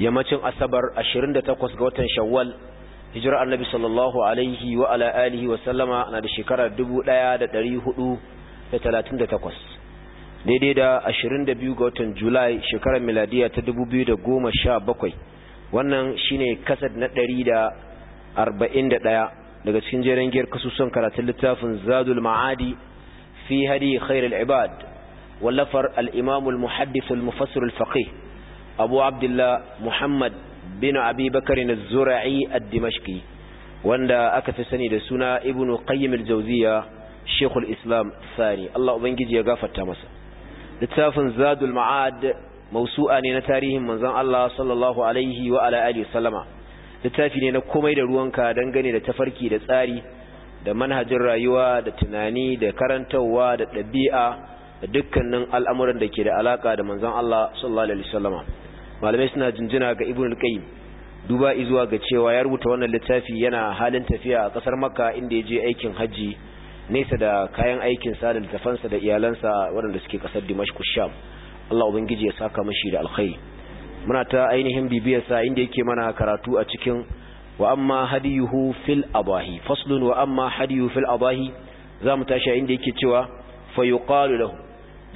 yammacin asabar 28 ga watan shawwal hijira annabi sallallahu alaihi wa ala alihi wa sallama na da shekarar 1438 daidai da 22 ga watan julai shekarar miladiya ta 2017 wannan shine kasad na 141 daga cikin jerin giyar kasusun karatun littafin zadul ma'adi fi hadi khairul ibad wallafar al-imam al-muhaddith al-mufassir al-faqih abu abdullah muhammad bin abi na zura'i ad-dimashqi wanda aka fi sani da suna ibnu qayyim jauziya jawziya shekul islam sani Allah ubangiji ya gafarta masa littafin zadul ma'ad mausu'a ne na tarihin manzan Allah sallallahu alaihi wa ala littafi ne na komai da ruwanka dangane da tafarki da tsari da manhajin rayuwa da tunani da karantarwa da ɗabi'a da dukkanin al'amuran da ke da alaka da manzan Allah sallallahu alaihi sallama malamai suna jinjina ga ibn al-qayyim duba izuwa ga cewa ya rubuta wannan littafi yana halin tafiya a kasar makka inda ya je aikin hajji nesa da kayan aikin sa da littafansa da iyalansa waɗanda suke kasar dimashku sham allah ubangiji ya saka mashi da alkhairi muna ta ainihin bibiyar sa inda yake mana karatu a cikin wa amma hadiyuhu fil abahi faslun wa amma hadiyu fil abahi za tashi inda yake cewa fa yuqalu lahu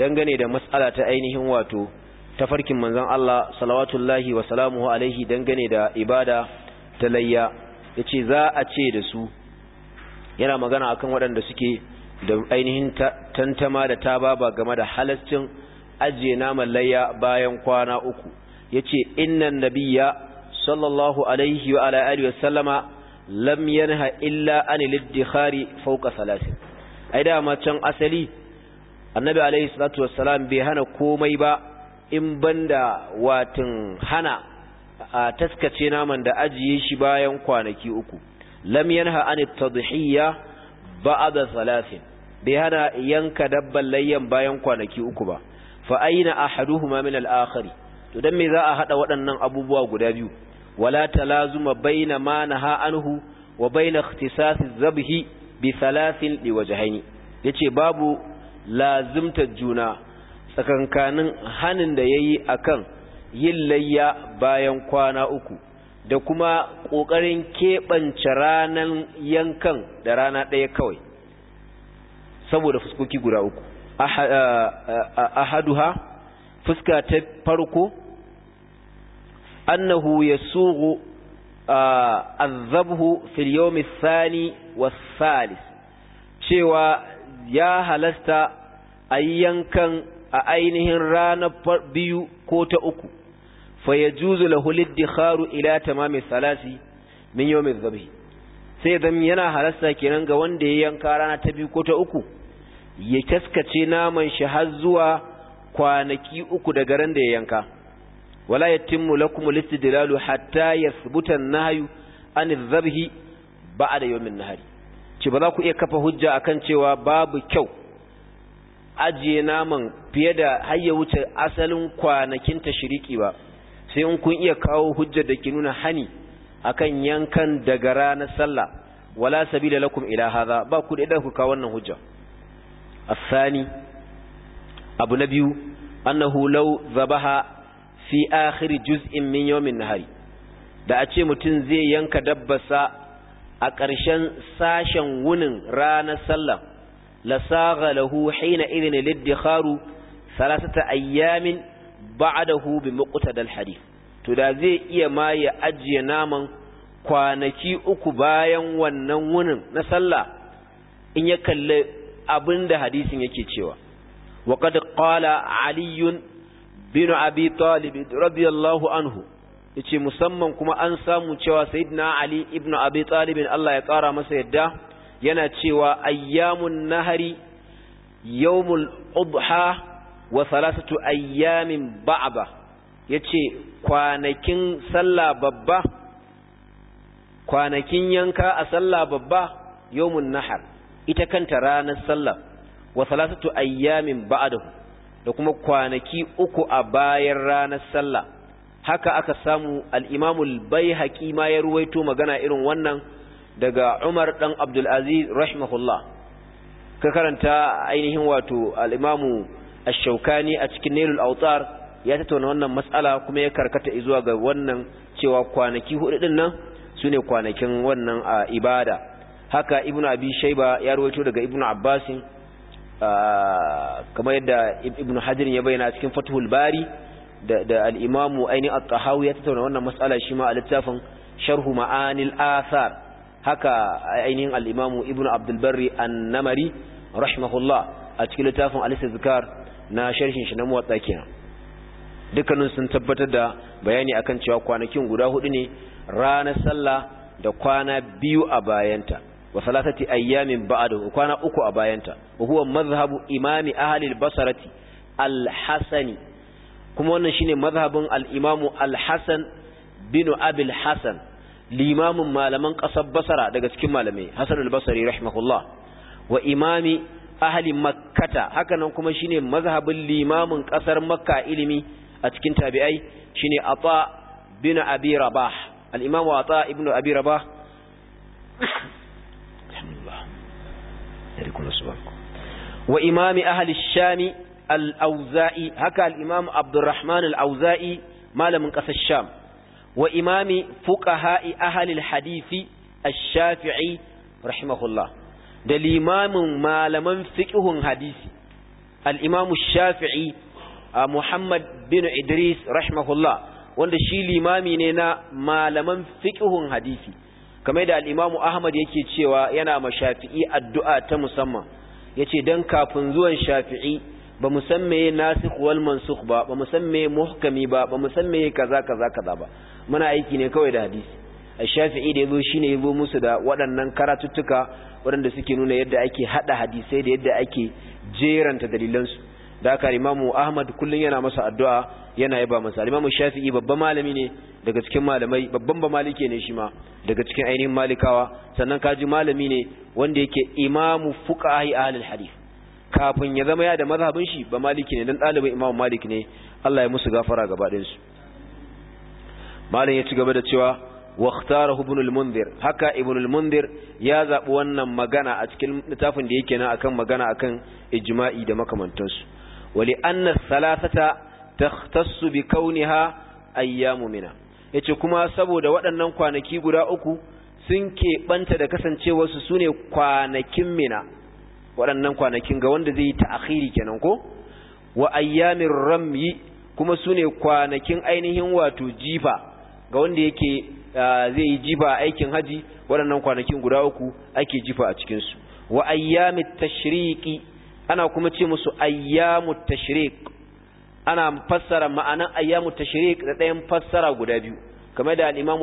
dangane da mas'ala ta ainihin wato tafarkin manzon Allah salawatullahi wa salamuhu alaihi dangane da ibada ta layya yace za a ce da su yana magana akan waɗanda suke da ainihin tantama da tababa game da halascin ajiye naman layya bayan kwana uku yace innan nabiyya sallallahu alaihi wa ala alihi wasallama lam yanha illa anil iddikhari fawqa da can asali annabi alaihi salatu wassalam bai hana komai ba in banda watin hana a taskace naman da ajiye shi bayan kwanaki uku lam yanha an tadhiyya ba'da salasin bai hana yanka dabban layyan bayan kwanaki uku ba fa aina ahaduhuma min al-akhari to dan me za a hada waɗannan abubuwa guda biyu wala talazuma baina ma naha anhu wa baina ikhtisas az-zabhi bi salasin liwajhaini yace babu lazimta juna tsakankanin hanin da ya yi a kan yin layya bayan kwana uku da kuma ƙoƙarin keɓance ranar yankan da rana ɗaya kawai saboda fuskoki guda uku a haduha fuska ta farko annahu ya suhu azabhu filiyomi sani wasalis cewa ya halasta a yankan a ainihin rana biyu ko ta uku fa ya juzu lahu ila tamami salasi min yawmin zabi sai zan yana halasta kenan ga wanda ya yanka rana ta biyu ko ta uku ya kaskace naman shi har zuwa kwanaki uku daga ran da ya yanka wala yatimmu lakum listidlalu hatta yathbuta an-nahyu an nahyu an a da ba'da yawmin nahari ci ba za ku iya kafa hujja akan cewa babu kyau ajiye naman fiye da har ya wuce asalin kwanakin shiriki ba sai in kun iya kawo hujjar da ke nuna hani akan yankan daga ranar sallah wala sabila lakum ila hadha ba ku da ku kawo wannan hujja asani abu na biyu annahu law zabaha fi akhir juz'in min yawmin nahari da a ce mutum zai yanka dabbasa a ƙarshen sashen wunin ranar sallah la saga lahu hina idin liddikharu salasata ayyamin ba'dahu bi muqtadal hadith to da zai iya ma ya ajiye naman kwanaki uku bayan wannan wunin na sallah in ya kalli abinda hadisin yake cewa wa qad qala ali bin abi talib radiyallahu anhu yace musamman kuma an samu cewa sayyidina ali ibn abi talib Allah ya kara masa yadda yana cewa ayyamun nahari yawmul udha wa salasatu ayyamin ba'aba yace kwanakin sallah babba kwanakin yanka a sallah babba yawmun nahar ita kanta ranar sallah wa salasatu ayyamin ba'dahu da kuma kwanaki uku a bayan ranar sallah haka aka samu al-Imam al-Baihaqi ma ya ruwaito magana irin wannan daga Umar dan Abdul Aziz rahimahullah ka karanta ainihin wato al-Imam ash-shawkani a cikin nailul awtar ya tattauna wannan mas'ala kuma ya karkata zuwa ga wannan cewa kwanaki hudu din nan sune kwanakin wannan ibada haka ibnu abi shayba ya rawaito daga ibnu abbas kamar yadda ibnu hadir ya bayyana cikin fathul bari da da al-imamu aini at-tahawi ya tattauna wannan mas'ala shi ma a littafin sharhu ma'anil athar haka ainihin al-imamu ibnu abdul barri an-namari rahimahullah a cikin littafin al-istizkar na sharhin shi na motsa kenan dukkanin sun tabbatar da bayani akan cewa kwanakin guda hudu ne ranar sallah da kwana biyu a bayanta wa salatati ayyamin ba'dahu kwana uku a bayanta wa huwa imami ahli al-basrati al-hasani kuma wannan shine mazhabin al-imamu al-hasan bin abil hasan limamin malaman ƙasar basara daga cikin malamai hasan al-basri rahimahullah wa imami ahli makkata haka nan kuma shine mazhabin limamin kasar makka ilimi a cikin tabi'ai shine ata bin abi rabah al-imam ata ibnu abi rabah alhamdulillah tarikun subhanak wa imami ahli ash-sham al-auza'i haka al-imam abdurrahman al-auza'i malamin kasar sham wa imami fuqaha'i ahli al-hadisi ash-shafi'i rahimahullah da limamin malaman fiqhun hadisi al-imam shafi'i Muhammad bin Idris rahimahullah wanda shi limami ne na malaman fiqhun hadisi kamar da al-imam Ahmad yake cewa yana ma Shafi'i addu'a ta musamman yace dan kafin zuwan Shafi'i ba mu san meye nasikh wal mansukh ba ba mu san muhkami ba ba mu san kaza kaza kaza ba muna aiki ne kawai da hadisi shafi'i da yazo shine zo musu da waɗannan karatuttuka waɗanda suke nuna yadda ake haɗa hadisai da yadda ake jeranta dalilan su da haka imamu ahmad kullum yana masa addu'a yana yaba masa imamu shafi'i babban malami ne daga cikin malamai babban ba malike ne shi ma daga cikin ainihin malikawa sannan kaji malami ne wanda yake imamu fuqahi ahlul hadith kafin ya zama ya da mazhabin shi ba maliki ne dan ɗalibin imam malik ne Allah ya musu gafara gaba su malam ya ci gaba da cewa واختاره ابن المنذر هكا ابن المنذر يا زاب wannan magana a cikin littafin da yake nan akan magana akan ijma'i da makamantansu wali anna salasata takhtassu bi kauniha ayyamu mina yace kuma saboda waɗannan kwanaki guda uku sun keɓanta da kasancewar su sune kwanakin mina waɗannan kwanakin ga wanda zai yi ta'khiri kenan ko wa ayyamir ramyi kuma sune kwanakin ainihin wato jifa ga wanda yake Eh, zai yi jifa aikin haji waɗannan kwanakin guda uku ake jifa a cikinsu wa ayyamit tashriqi ana kuma ce musu ayyamut tashriq ana fassara ma'anan ayyamut tashriq da ɗayan fassara guda biyu kamar da al-Imam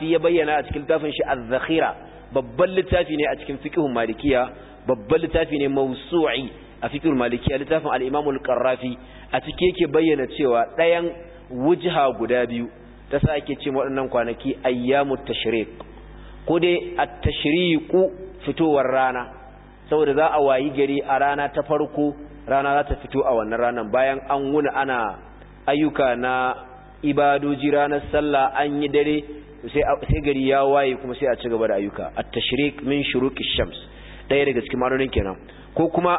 ya bayyana a cikin tafin shi az-Zakhira babban littafi ne a cikin fiqhun Malikiya babban littafi ne mawsu'i a fiqhul Malikiya littafin al-Imam qarrafi a cike yake bayyana cewa ɗayan wujha guda biyu ta sa ake ce waɗannan kwanaki ayyamu tashriq ko dai at-tashriqu fitowar rana saboda za a wayi gari a rana ta farko rana za ta fito a wannan ranan bayan an wuna ana ayyuka na ibadoji ranar sallah an yi dare sai gari ya waye kuma sai a ci gaba da ayyuka at-tashriq min shuruqi shams daya daga cikin ma'anonin kenan ko kuma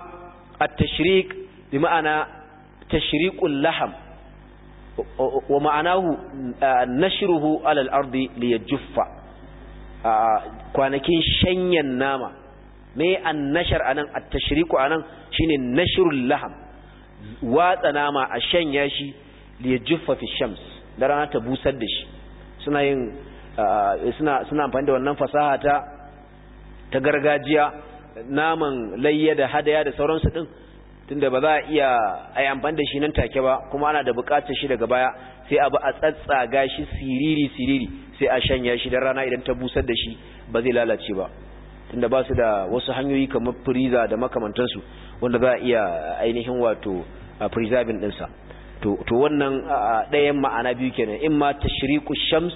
at-tashriq bi ma'ana tashriqul laham wa ma'anahu nashruhu alal ardi liyajuffa kwanakin shanyan nama me an nashar anan at tashriku anan shine nashrul laham watsa nama a shanya shi liyajuffa fi shams da rana ta busar da shi suna yin suna suna amfani da wannan fasaha ta ta gargajiya naman layya da hadaya da sauransu din tunda ba za a iya a yi amfani da shi nan take ba kuma ana da buƙatar shi daga baya sai abu a tsatsaga shi siriri siriri sai a shanya shi da rana idan ta busar da shi ba zai lalace ba tunda ba su da wasu hanyoyi kamar freezer da makamantansu wanda za a iya ainihin wato preserving ɗinsa to wannan ɗayan ma'ana biyu kenan in ma tashriqu shams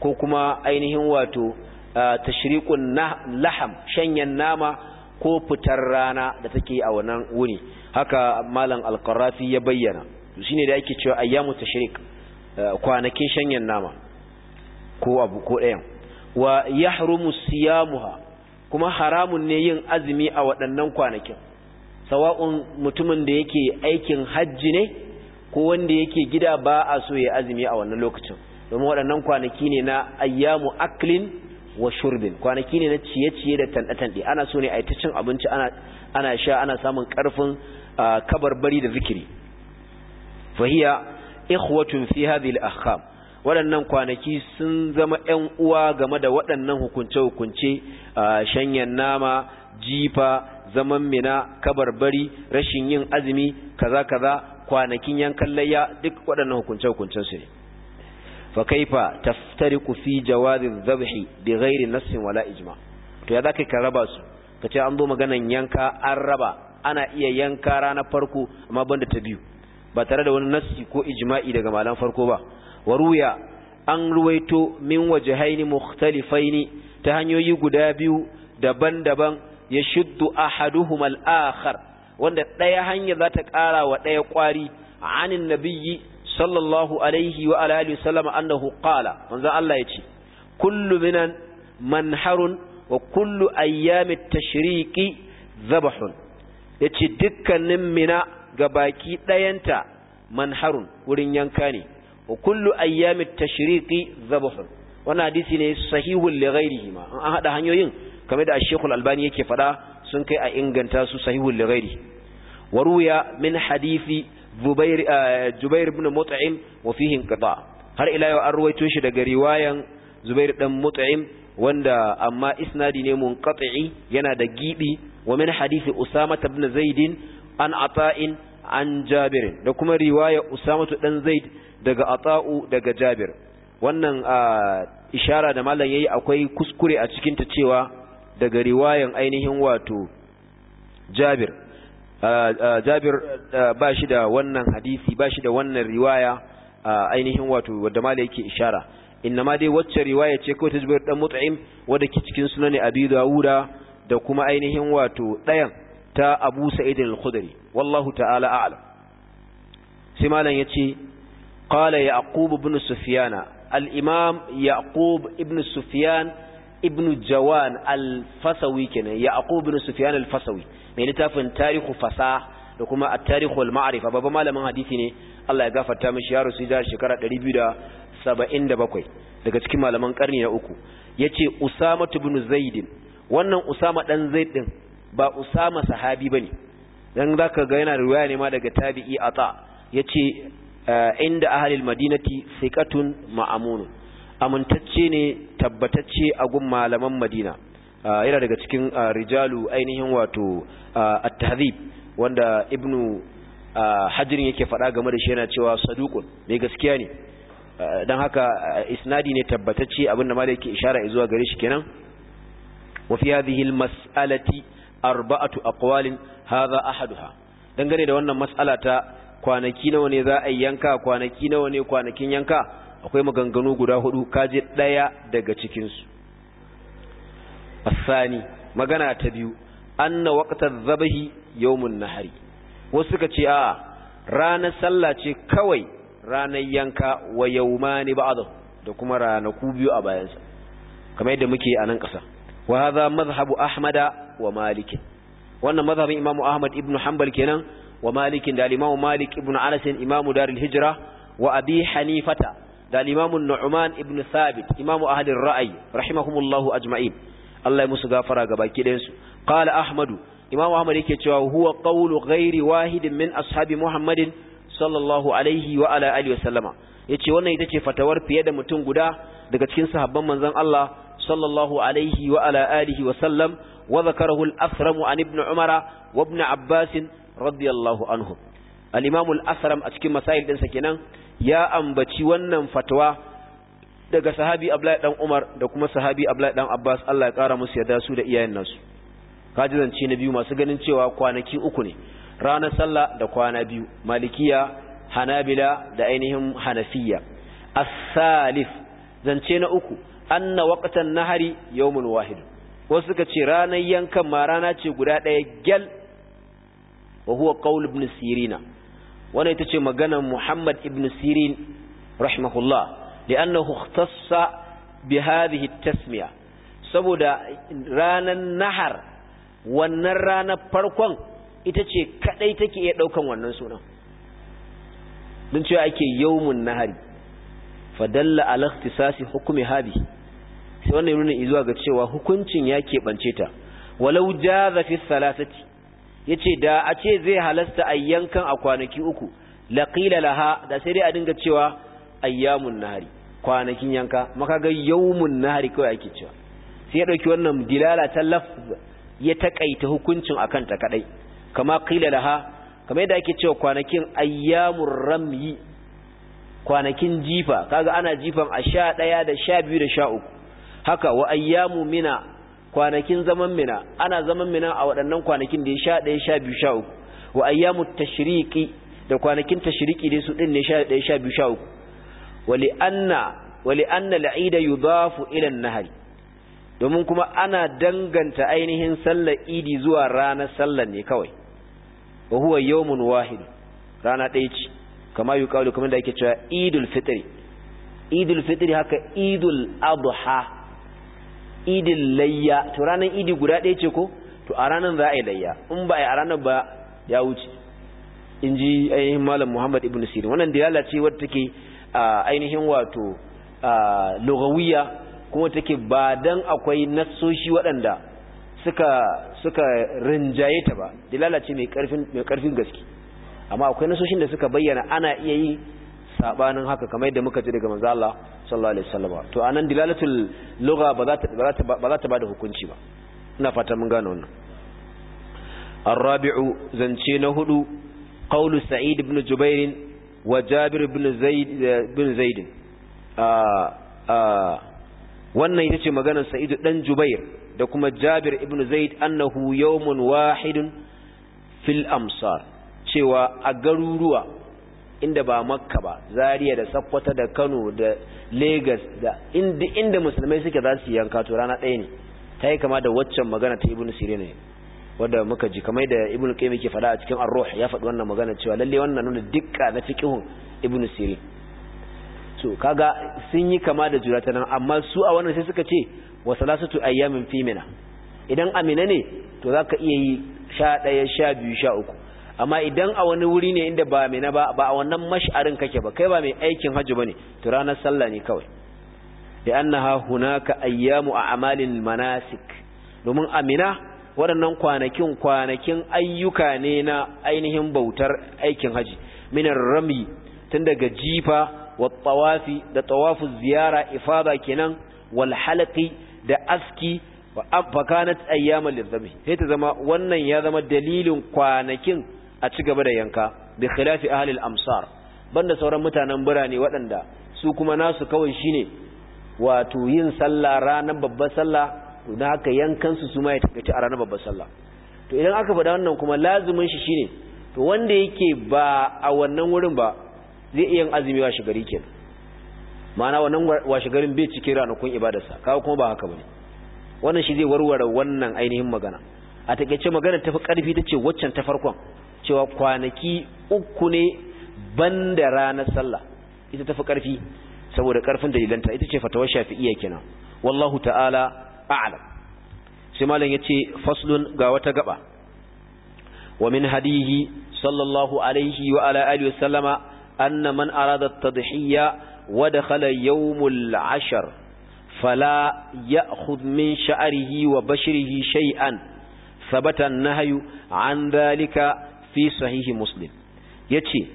ko kuma ainihin wato tashriqu laham shanyan nama ko fitar rana da take a wannan wuni haka malam alqarafi ya bayyana to shine da ake cewa ayyamu tashrik eh, kwanakin shanyen nama ko abu ko ɗayan wa yahrumu siyamuha kuma haramun ne yin azumi a waɗannan kwanakin sawa'un mutumin da yake aikin hajji ne ko wanda yake gida ba a so ya azumi a wannan lokacin domin waɗannan kwanaki ne na ayyamu aklin wa shurbin kwanaki ne na ciye-ciye da tanɗe-tanɗe ana so ne a yi ta cin abinci ana sha ana samun ƙarfin Kabar bari da zikiri fahiya ikhwatun fi hadhihi al-ahkam waɗannan kwanaki sun zama ƴan uwa game da waɗannan hukunce-hukunce shanyen nama jifa zaman mina bari, rashin yin azumi kaza-kaza kwanakin yankan layya duk waɗannan hukunce-hukuncen su ne fa kaifa taftariqu fi jawazi dhabhi bi ghairi nassin wala ijma to ya zaka ka raba su kace an zo maganan yanka an raba ana iya yanka ranar farko amma banda ta biyu ba tare da wani nassi ko ijma'i daga malan farko ba wa ruya an ruwaito min wajhaini mukhtalifaini ta hanyoyi guda biyu daban-daban ya shuddu ahaduhum al-akhar wanda daya hanya za ta kara wa daya kwari anin nabiyyi sallallahu alaihi wa alihi sallama annahu qala manzo Allah yace kullu minan manharun wa kullu ayyamit tashriqi zabahun ya ce dukkanin mina ga baki ɗayanta manharun wurin yanka ne wa kullu ayyamit tashriqi zabhun wannan hadisi ne sahihul li ghairihi ma an hada hanyoyin kamar da Sheikh Al-Albani yake fada sun kai a inganta su sahihul li ghairihi wa ruya min hadisi Zubair eh, Jubair ibn Mut'im wa fihi inqita har ila yau an ruwaito shi daga riwayan Zubair dan Mut'im wanda amma isnadi ne munqati yana da gibi wa hadisi usama ibn zaid an ata'in an jabir da kuma riwaya usama ɗan zaid daga ata'u daga jabir wannan ishara da malam yayi akwai kuskure a cikin ta cewa daga riwayan ainihin wato jabir jabir ba shi da wannan hadisi ba shi da wannan riwaya ainihin wato wadda malam yake ishara inna ma dai wacce riwaya ce kawai ta jabir dan mut'im wadda ke cikin sunan abi dawuda da kuma ainihin wato ɗayan ta abu sa'id al-khudri wallahu ta'ala a'lam sai malam yace qala yaqub ibn sufyana al'imam imam yaqub ibn sufyan ibn jawan al-fasawi kenan yaqub ibn sufyan al-fasawi mai littafin tarihu fasah da kuma a tarihu al baba babban malamin hadisi ne Allah ya gafarta mishi yaro sai da shekara 277 daga cikin malaman karni na uku ya ce usamatu ibn zaid wannan usama dan zaid din ba usama sahabi bane dan zaka ga yana riwaya ne ma daga tabi'i ata yace eh, inda ahlil madinati thiqatun ma'amun amintacce ne tabbatacce a gun malaman madina eh, yana daga cikin eh, rijalu ainihin wato at-tahdhib wanda ibnu hajir yake faɗa game da shi yana cewa saduqun mai gaskiya ne dan haka isnadi ne tabbatacce abinda malaki yake ishara zuwa gare shi kenan وفي هذه المسألة أربعة أقوال هذا أحدها dangane da wannan mas'ala ta kwanaki nawa ne za a yi yanka kwanaki nawa ne kwanakin yanka akwai maganganu guda hudu kaje daya daga cikin su asani magana ta biyu anna waqtaz zabahi yawmun nahari wasu suka ce a ranar sallah ce kawai ranar yanka wa yawmani ba'dahu da kuma ranaku biyu a bayansa kamar yadda muke a nan ƙasa wa hadha madhhabu ahmad wa malik wannan madhhabin imam ahmad ibn hanbal kenan wa malik da imam malik ibn anas imam darul hijra wa abi hanifata da imam nu'man ibn thabit imam ahli ra'ayi rai rahimahumullahu ajma'in Allah ya musu gafara ga baki ɗayan su qala ahmad imam ahmad yake cewa huwa qawlu ghairi wahidin min ashabi muhammadin sallallahu alaihi wa ala alihi wa sallama yace wannan ita ce fatawar fiye da mutum guda daga cikin sahabban manzon Allah صلى الله عليه وعلى آله وسلم وذكره الأثرم عن ابن عمر وابن عباس رضي الله عنهم الإمام الأثرم أتكلم مسائل دنسا كنان يا أنبتي ونن فتوى daga sahabi Abdullahi dan Umar da kuma sahabi Abdullahi dan Abbas Allah ya kara musu yarda su da iyayen nasu kaji zance na biyu masu ganin cewa kwanaki uku ne ranar sallah da kwana biyu malikiya hanabila da ainihin hanafiya as-salif zance na uku anna waqtan nahari yawmun wahid wasu suka ce ranar yankan ma rana ce guda ɗaya gyal wa huwa qaul ibn sirina wannan ita ce maganar muhammad ibn sirin rahimahullah li'annahu ikhtassa bi hadhihi tasmiya saboda ranar nahar wannan ranar farkon ita ce kadai take iya daukan wannan sunan don cewa ake yawmun nahari fadalla ala ikhtisasi hukmi hadhihi sai wannan nuna zuwa ga cewa hukuncin ya keɓance ta walau jaza fi salasati yace da a ce zai halasta ayyankan a kwanaki uku laqila laha da sai dai a dinga cewa ayyamun nahari kwanakin yanka maka ga yawmun nahari kawai ake cewa sai ya dauki wannan dilala ta lafz ya takaita hukuncin akan ta kadai kama qila laha kama yadda ake cewa kwanakin ayyamur ramyi kwanakin jifa kaga ana jifan a sha ɗaya da sha biyu da sha uku haka wa ayyamu mina kwanakin zaman mina ana zaman mina a waɗannan kwanakin da ya sha ɗaya sha biyu sha uku wa ayyamu tashriqi da kwanakin tashriqi dai su din ne sha ɗaya sha biyu sha uku Wali anna wali li anna al'ida yudafu ila an domin kuma ana danganta ainihin sallar idi zuwa ranar sallar ne kawai wa huwa yawmun wahid rana ɗaya ce kama yuqalu kamar da ake cewa idul fitri idul fitri haka idul adha idin layya to ranar idi guda ɗaya ce ko to a ranar za a yi layya in ba a yi ranar ba ya wuce in ji ainihin malam muhammad ibn sirin wannan dalala ce wadda take ainihin wato lugawiya kuma take ba dan akwai nasoshi waɗanda suka suka rinjaye ta ba dalala ce mai ƙarfin gaske amma akwai nassoshin da suka bayyana ana iya yi sabanin haka kamar yadda muka ji daga manzo Allah sallallahu alaihi wasallam to anan dilalatul lugha ba za ta ba za ta ba za ta bada hukunci ba ina fata mun gane wannan الرابع زنشين هدو قول سعيد بن جبير وجابر بن زيد بن زيد wannan ita ce maganar sa'idu dan jubair da kuma jabir ibn zaid annahu yawmun wahidun fil amsar cewa a garuruwa inda ba makka ba Zariya da Sakwata da kano da lagos da inda inda musulmai suke za su yanka to rana ɗaya ne ta yi kama da waccan magana ta Ibn sirri ne wadda muka ji kamar da Ibn qayyim yake faɗa a cikin ar ya faɗi wannan magana cewa lalle wannan nuna dukka na fiqhun Ibn sirri so kaga sun yi kama da jura ta nan amma su a wannan sai suka ce wa salasatu ayyamin fi mina idan amina ne to zaka iya yi sha ɗaya sha biyu sha amma idan a wani wuri ne inda ba mai na ba ba a wannan mash'arin kake ba kai ba mai aikin hajji bane to ranar sallah ne kawai da annaha hunaka ayyamu a amalin manasik domin amina waɗannan kwanakin kwanakin ayyuka ne na ainihin bautar aikin hajji. minar rami tun daga jifa wa tawafi da tawafu ziyara ifada kenan wal da aski wa afakanat ayyamal lirzabi sai ta zama wannan ya zama dalilin kwanakin a ci gaba da yanka bi khilafi al amsar banda sauran mutanen birane waɗanda su kuma nasu kawai shine wato yin sallah ranar babbar sallah to dan haka yankan su suma ya tafi a ranar babbar sallah to idan aka faɗa wannan kuma lazumin shi shine to wanda yake ba a wannan wurin ba zai iya yin azumi washe gari kenan ma'ana wannan washe garin bai cikin ranakun sa, kawo kuma ba haka bane wannan shi zai warware wannan ainihin magana a ce magana tafi karfi tace waccan ta farkon cewa kwanaki uku ne ban da ranar sallah ita tafi karfi saboda karfin dalilanta ita ce fatawar shafi'iyya kenan wallahu ta'ala a'lam sai malam yace faslun ga wata gaba wa min hadihi sallallahu alaihi wa ala alihi wasallama anna man arada at-tadhiyya wa dakhala yawmul 'ashr fala ya'khudh min sha'rihi wa bashrihi shay'an ثبت النهي an ذلك fi sahihi muslim yace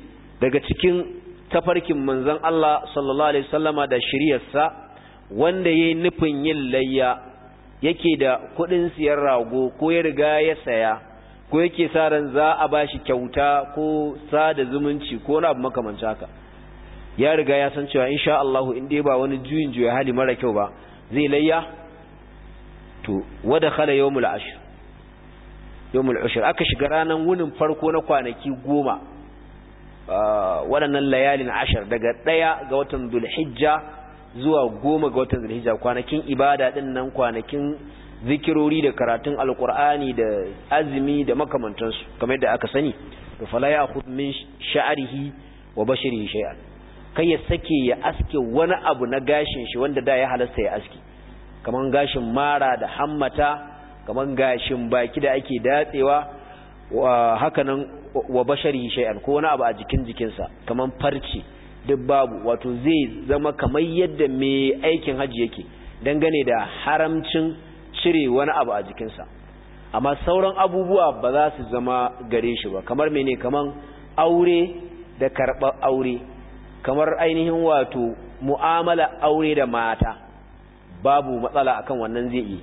daga cikin tafarkin manzon Allah sallallahu alaihi wasallama da shiryarsa wanda yayi nufin yin layya yake da kudin siyar rago ko ya riga ya saya ko yake sa ran za a bashi kyauta ko sa da zumunci ko wani abu makamancin haka ya riga ya san cewa insha Allah in dai ba wani juyin juya hali mara kyau ba zai layya to wada khala yawmul ashr yawmul ushur aka shiga ranan wunin farko na kwanaki goma ah, wadannan layalin ashar daga ɗaya ga watan dulhijja zuwa goma ga watan dulhijja kwanakin ibada ɗin nan kwanakin zikirori da karatun alkur'ani da azumi da makamantansu kamar da aka sani da fala ya khud min sha'rihi wa bashirin shay'an kai ya sake ya aske wani abu na gashin shi wanda da ya halasta ya aske kaman gashin mara da hammata kaman gashin baki da ake datsewa hakanan wa bashari shay'an ko wani abu a jikin jikinsa kaman farce duk babu wato zai zama kamar yadda mai aikin haji yake dangane da haramcin cire wani abu a jikinsa amma sauran abubuwa ba za su zama gare shi ba kamar mene kaman aure da karɓar aure kamar ainihin wato mu'amala aure da mata babu matsala akan wannan zai yi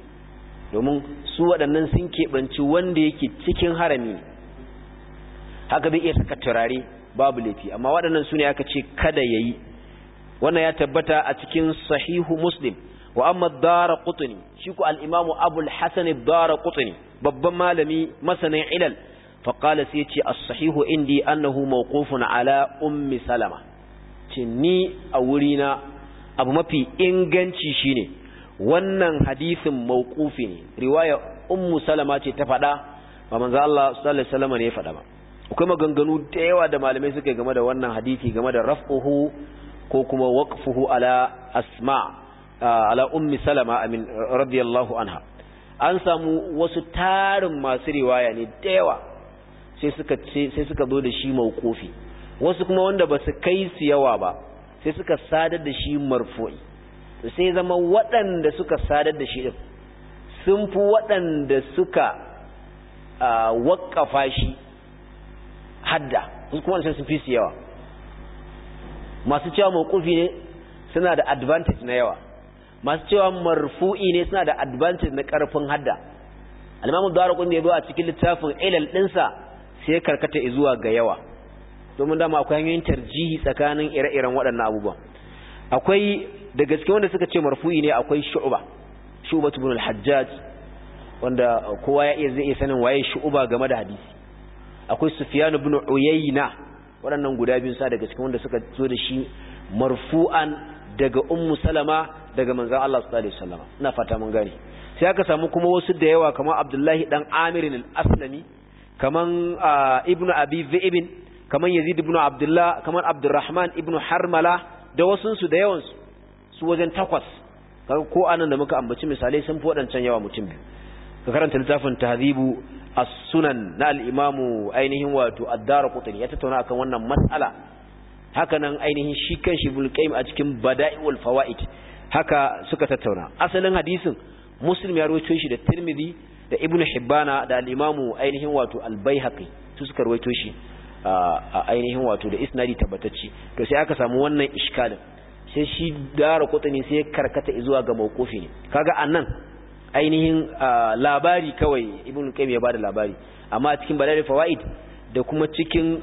domin su waɗannan sun keɓanci wanda yake cikin harami haka bai iya saka turare babu laifi amma waɗannan su ne aka ce kada ya yi wannan ya tabbata a cikin sahihu muslim wa amma dara kutuni shi ku al'imamu abul hassan dara kutuni babban malami masanin ilal faƙala sai ce a sahihu indi annahu mawqufun ala ummi salama ce ni a wurina abu mafi inganci shine wannan hadisin mawqufi ne riwaya ummu salama ce ta faɗa ba manzo Allah sallallahu alaihi wasallam ne ya faɗa ba akwai maganganu da yawa da malamai suke game da wannan hadisi game da raf'uhu ko kuma waqfuhu ala asma ala ummi salama amin radiyallahu anha an samu wasu tarin masu riwaya ne da yawa sai suka sai suka zo da shi mawqufi wasu kuma wanda ba su kai su yawa ba sai suka sadar da shi marfu'i sai zama waɗanda suka sadar da shi ɗin sun fi waɗanda suka waƙafa shi hadda kuma sai sun fi su yawa masu cewa mawqufi ne suna da advantage na yawa masu cewa marfu'i ne suna da advantage na ƙarfin hadda al-imamu darqun da yazo a cikin littafin ilal ɗinsa sai karkata zuwa ga yawa domin dama akwai hanyoyin tarjihi tsakanin ire-iren waɗannan abubuwan akwai da gaske wanda suka ce marfu'i ne akwai shu'ba shu'ba ibn al-hajjaj wanda kowa ya iya zai sanin waye shu'ba game da hadisi akwai sufyan ibn uyayna waɗannan guda biyu sa daga cikin wanda suka zo da shi marfu'an daga ummu salama daga manzon Allah sallallahu alaihi wasallam ina fata mun gane sai aka samu kuma wasu da yawa kamar abdullahi dan amir al-aslami kaman ah, ibnu abi zaibin kaman yazid ibn abdullah kaman abdurrahman ibn harmala da wasunsu da yawan su wajen takwas ko anan da muka ambaci misalai sun fi waɗancan yawa mutum biyu ka karanta littafin tahzibu as-sunan na al imam ainihin wato ad qutni ya tattauna akan wannan mas'ala haka nan ainihin shi kan shi ibn qayyim a cikin bada'iul fawaid haka suka tattauna asalin hadisin muslim ya rawaito shi da tirmidhi da ibn hibbana da al imam ainihin wato al-baihaqi su suka rawaito shi a ainihin wato da isnadi tabbatacci to sai aka samu wannan iskalin sai shi dara kutsini sai karkata zuwa ga mawqufi ne kaga anan ainihin labari kawai ibnu qayyim ya bada labari amma cikin badal fawaid da kuma cikin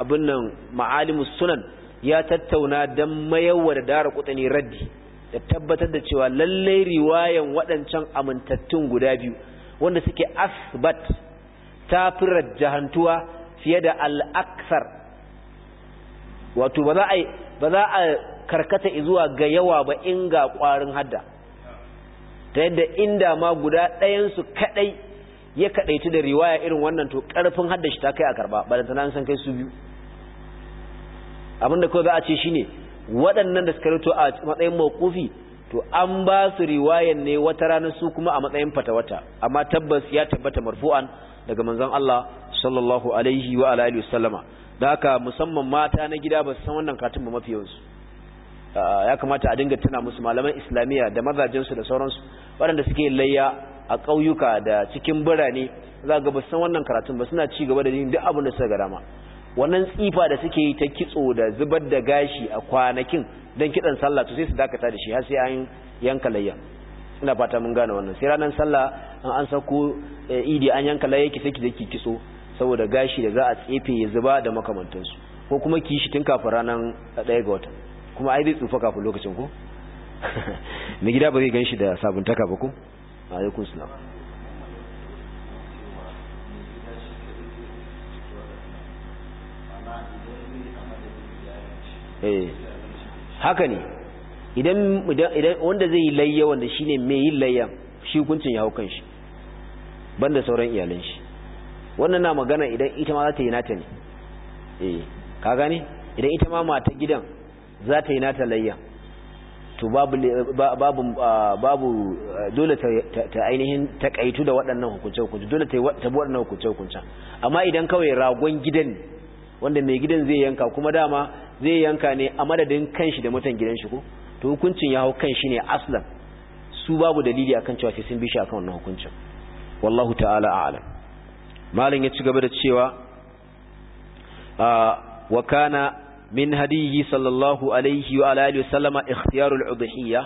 abin nan ma'alimus sunan ya tattauna dan mayawa da dara raddi da tabbatar da cewa lallai riwayan waɗancan amintattun guda biyu wanda suke asbat ta jahantuwa fiye da al'aksar wato ba za a karkata izuwa ga yawa ba inga ga ƙwarin hadda ta yadda inda ma guda ɗayansu kaɗai ya kaɗaitu da riwaya irin wannan to ƙarfin hadda shi ta kai a karɓa ba da tunanin san kai su biyu abinda kawai za a ce shi ne waɗannan da suka rito a matsayin mawqufi to an ba su riwayan ne wata rana su kuma a matsayin fata wata amma tabbas ya tabbata marfu'an daga manzon Allah sallallahu alaihi wa alihi wasallama da haka musamman mata na gida ba su san wannan katin ba yawansu ya kamata a dinga tana musu malaman islamiyya da mazajensu da sauransu waɗanda suke layya a ƙauyuka da cikin birane za ga ba san wannan karatun ba suna ci gaba da yin duk abin da suka ga dama wannan tsifa da suke yi ta kitso da zubar da gashi a kwanakin don kiɗan sallah to sai su dakata da shi har sai an yanka layya ina fata mun gane wannan sai ranar sallah an sako eh, idi an yanka layya ki sai ki kitso saboda gashi da za a tsefe ya zuba da makamantansu ko kuma ki shi tun kafin ranar ɗaya ga wata kuma ai zai tsufa kafin lokacin ko mai gida ba zai gan shi da sabuntaka ba ku yi kunsu haka ne idan wanda zai yi layya wanda shi ne mai yi layya shi hukuncin ya hau kan shi banda sauran iyalan shi wannan na magana idan ita ma za ta yi nata ne eh ka gani idan ita ma mata gidan za ta yi nata layya to babu babu babu dole ta ainihin kaitu da waɗannan hukunce hukunce dole ta ta bi waɗannan hukunce hukunce amma idan kawai ragon gidan wanda mai gidan zai yanka kuma dama zai yanka ne a madadin kanshi da mutan gidan shi ko to hukuncin ya hau kanshi ne aslan su babu dalili akan cewa sai sun bi shi akan wannan hukuncin wallahu ta'ala a'lam malin ya ci gaba da cewa ah, wa kana min hadihi sallallahu alaihi wa alihi sallama ikhtiyarul udhiyya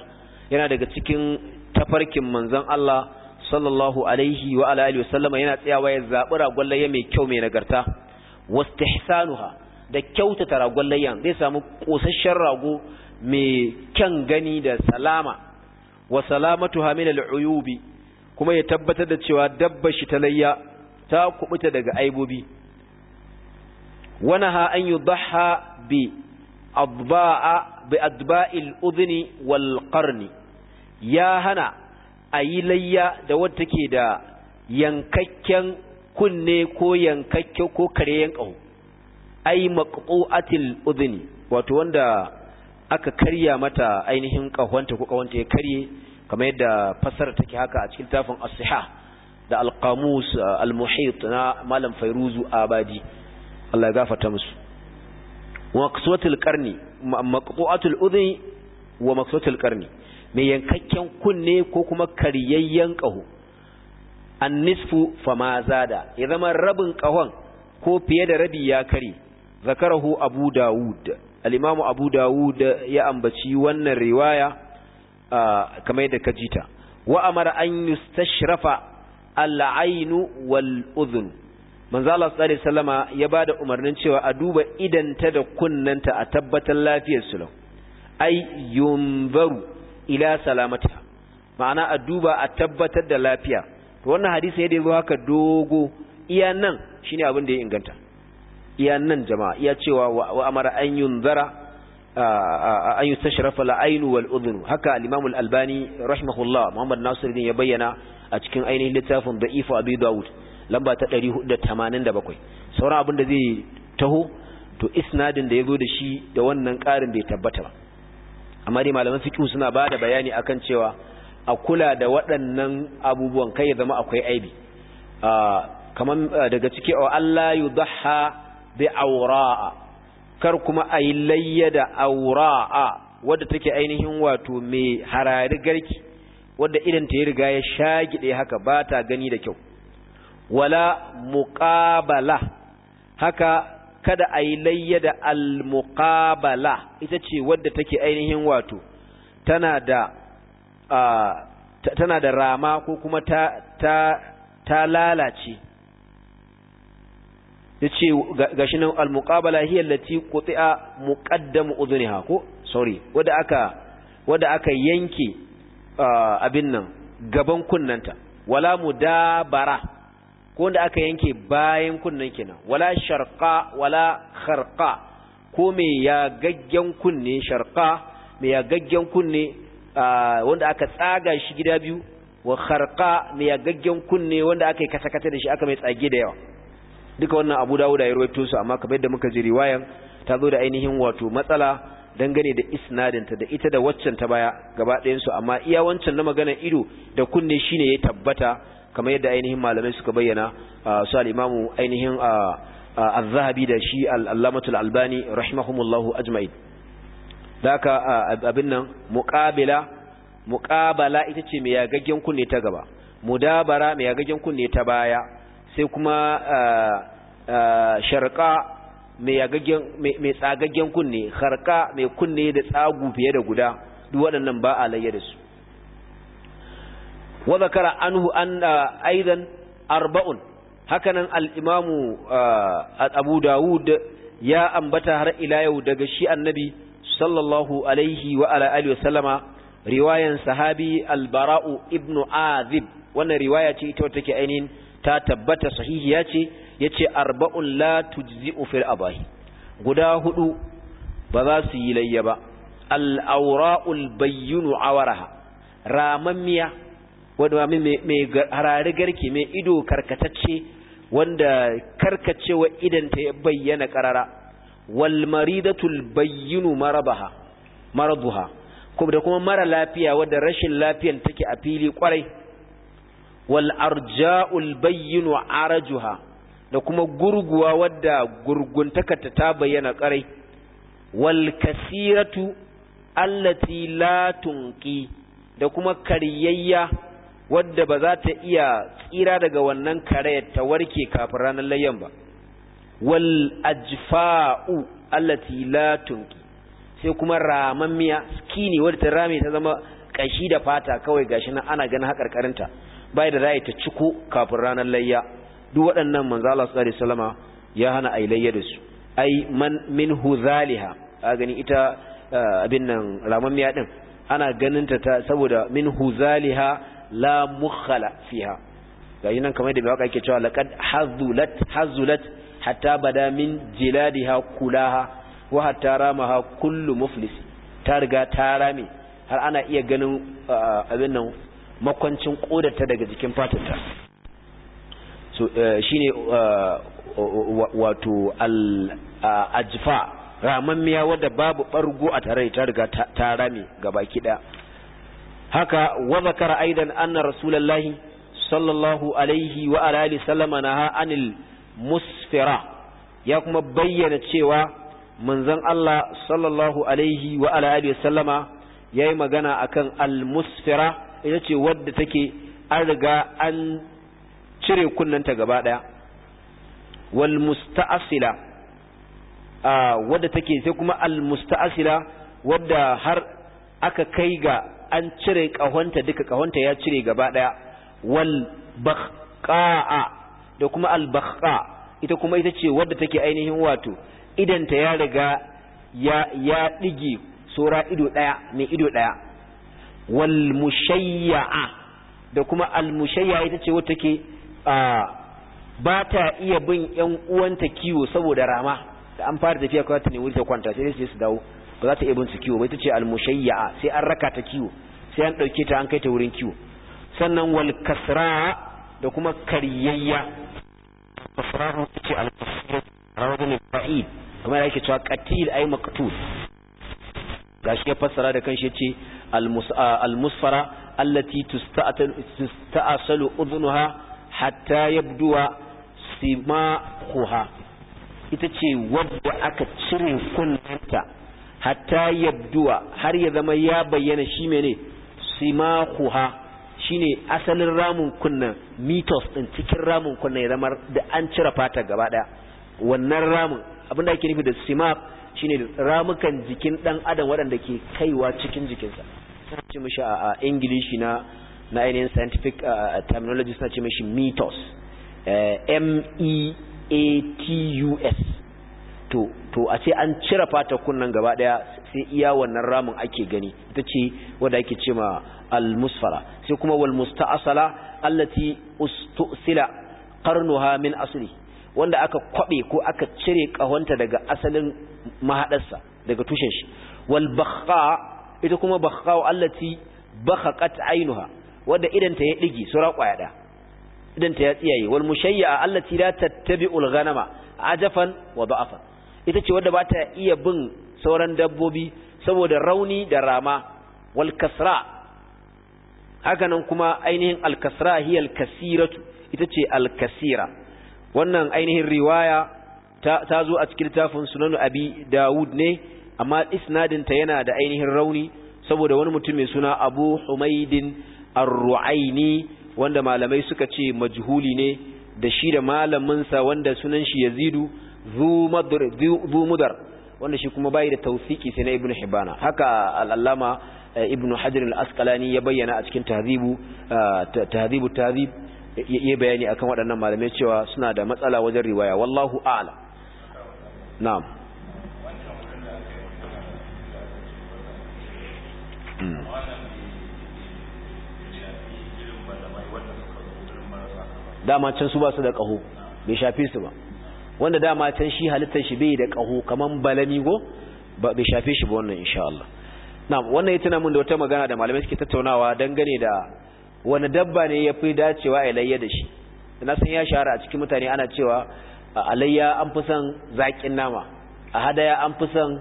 yana daga cikin tafarkin manzon Allah sallallahu alaihi wa alihi sallama yana tsayawa ya zabi ragwallaye mai kyau mai nagarta wastihsanuha da kyautata ragwallayan zai samu kosasshen rago mai kyan gani da salama wa salamatu hamilal uyubi kuma ya tabbatar da cewa dabbar shi ta layya ta kubuta daga aibobi ha an yudhha bi adba'a bi adba'il udhni wal qarni ya hana ayi layya da wata take da yankakken kunne ko yankakke ko kareyen ƙaho ai maqtu'atil udhni wato wanda aka karya mata ainihin kahwanta ko ƙahonta ya karye kamar yadda fasara take haka a cikin tafin as-sihah da alqamus uh, almuhit na malam fairuzu abadi Allah ya gafarta musu maqsuwatul qarni maqtu'atul udhi wa maqsuwatul qarni mai yankakken kunne ko kuma kariyayyen An annisfu fama zada ya zama rabin qahon ko fiye da rabi ya kare zakarahu abu dawud al abu dawud ya ambaci wannan riwaya uh, kamar yadda ka jita wa amara an yustashrafa al'ainu wal udhun manzo Allah sallallahu alaihi wasallama ya bada umarnin cewa a duba idanta da kunnanta a tabbatar lafiyar su lau ai yunzaru ila salamata ma'ana a duba a tabbatar da lafiya to wannan hadisi yadda yazo haka dogo iya nan shine abin da ya inganta iya nan jama'a iya cewa wa amara an yunzara an yustashrafa al la'ainu wal'udunu haka al albani rahimahullah muhammad nasiruddin ya bayyana a cikin ainihin littafin ifo abu dawud lamba ta 487 sauran abin da zai taho to isnadin da ya zo da shi da wannan karin bai tabbata ba amma dai malaman fiqh suna ba da bayani akan cewa a kula da waɗannan abubuwan kai ya zama akwai aibi kamar daga ciki a Allah yudhha bi awra'a kar kuma ayi da awra'a wadda take ainihin wato mai harari garki Wadda idan ta yi riga ya sha giɗe haka ba ta gani da kyau wala muqabala haka kada a yi layya da al-muƙabala ita ce wadda take ainihin wato tana da tana da rama ko kuma ta ta ta lalace yace gashi nan almuqabala hiya allati quti'a muqaddamu udhunha ko sorry wanda aka aka yanke abin nan gaban kunnanta wala mudabara ko wanda aka yanke bayan kunnan kenan wala sharqa wala kharqa ko ya gaggen kunne sharqa ya gaggen kunne wanda aka tsaga shi gida biyu wa kharqa ya gaggen kunne wanda aka yi da shi aka mai tsage da yawa duka wannan abu dawuda ya rawaito su amma kamar yadda muka ji riwayan ta zo da ainihin wato matsala dangane da isnadinta da ita da waccan ta baya gaba ɗayansu amma iya wancan na magana ido da kunne shine ya tabbata kamar yadda ainihin malamai suka bayyana su al-imamu ainihin az-zahabi da shi al-allamatul albani rahimahumullahu ajma'in daka abin nan muqabila muqabala ita ce mai yagaggen kunne ta gaba mudabara mai yagaggen kunne ta baya sai kuma sharqa mai tsagaggen kunne harka mai kunne da tsagu fiye da guda duk waɗannan ba a layyar da su wa zakara anhu an aidan arba'un hakanan al-imamu ah, abu dawud ya ambata har ila yau daga shi annabi sallallahu alaihi wa ala alihi sallama riwayan sahabi al-bara'u ibn azib wannan riwaya ce ita wata take ainihin ta tabbata sahihiya ce yace arba'un la tujzi'u fil abahi guda hudu ba za su yi layya ba alaura'ul awraul bayyinu awaraha ramammiya wanda mai harari garke mai ido karkatacce wanda karkacewa idan ta bayyana karara Walmaridatul maridatul bayyinu marabaha maraduha kuma da kuma mara lafiya wadda rashin lafiyar take a fili kwarai wal arja'ul bayyinu arajuha da kuma gurguwa wadda gurguntaka ta bayyana ƙarai wal kasiratu allati la tunqi da kuma karyayya wadda ba za ta iya tsira daga wannan karayar ta warke kafin ranar layyan ba wal ajfa'u allati la tunqi sai kuma ramammiya skini wadda ta rame ta zama kashi da fata kawai gashi nan ana ganin hakarkarinta bai da rai ta ciko kafin ranar layya duk waɗannan manzo Allah sallallahu alaihi wasallama ya hana ailayya da su ai man min huzaliha a gani ita eh, abin nan ramammiya din ana ganin ta saboda min huzaliha la mukhala fiha gayi nan kamar da baka yake cewa laqad hazulat hazulat hatta bada min jiladiha kulaha wa hatta ramaha kullu muflis ta riga ta rame har ana iya ganin eh, abin nan makwancin kodarta daga jikin fatarta Eh, shine eh, wato al-ajfa ramammiya wadda babu bargo a tare ta riga ta rame gaba kida haka wa zakara aidan anna rasulullahi sallallahu alaihi wa alihi sallama naha anil musfira ya kuma bayyana cewa manzon Allah sallallahu alaihi wa alihi sallama yayi magana akan al musfira ita ce wadda take an riga an cire kunnanta gaba daya wal wadda take sai kuma al musta'asila wadda har aka kai ga an cire kahonta duka kahonta ya cire gaba daya wal baqa'a da kuma al baqa ita kuma ita ce wadda take ainihin wato idanta ya riga ya ya digi sora ido daya mai ido ɗaya wal mushayya'a da kuma al mushayya ita ce wadda take ba ta iya bin yan uwanta kiwo saboda rama da an fara tafiya kawai ta nemi ta kwanta sai sai su dawo ba za ta iya bin su kiwo ba ita ce almushayya sai an raka ta kiwo sai an dauke ta an kai ta wurin kiwo sannan wal kasra da kuma karyayya. kasra ko ce al kasra rawdun ba'id kuma yake cewa qatil ay maqtul gashi ya fassara da kanshi yace al musfara allati tusta'asalu udhunaha hatta yabduwa simahuha ita ce wadda aka cire kunnanta hatta yabduwa har ya zama ya bayyana shi mene simahuha shine asalin ramun kunnan mitos din cikin ramun kunnan ya zama da an cire fata gaba daya wannan ramin abinda ake nufi da sima shine ramukan jikin dan adam waɗanda ke kaiwa cikin jikinsa mu sha a ingilishi na na ainihin scientific uh, uh, terminology suna ce mashi mitos uh, m-e-a-t-u-s to a ce an cire fata kunnan gaba daya sai iya wannan ramin ake gani ita ce wadda ake ce ma al-musfara sai kuma wal asala allati ustusila ha min asali wanda aka kwabe ko aka cire kahonta daga asalin mahadarsa daga tushen shi wal bakha ita kuma bakha allati bakhaqat ainuha wadda ta ya digi sura kwaya da ta ya tsiyaye wal mushayya allati la tattabi'ul ghanama ajafan wa da'afan ita ce wadda ba ta iya bin sauran dabbobi saboda rauni da rama wal kasra hakanan kuma ainihin al kasra hiya al kasiratu ita ce al kasira wannan ainihin riwaya ta, ta zo a cikin littafin sunanu abi dawud ne amma isnadinta yana da ainihin rauni saboda wani mutum mai suna abu humaidin ar-ru'aini wanda malamai suka ce majhuli ne da shi da malaminsa wanda sunan shi yazidu zu wanda shi kuma bayi da tausiki sai na ibnu hibana haka al'allama eh, ibnu hajar al-asqalani ya bayyana a cikin tahzibu ah, tahzibu tahzib ya bayani akan waɗannan malamai cewa suna da matsala wajen riwaya wallahu a'lam na'am dama can su ba su da ƙaho bai shafe su ba wanda dama can shi halittar shi bai da ƙaho kamar balami go bai shafe shi ba wannan insha Allah na wannan ya da wata magana da malamai suke tattaunawa dangane da wani dabba ne ya fi dacewa a layya da shi na san ya shahara a cikin mutane ana cewa a alayya an fi son zaƙin nama a hadaya an fi son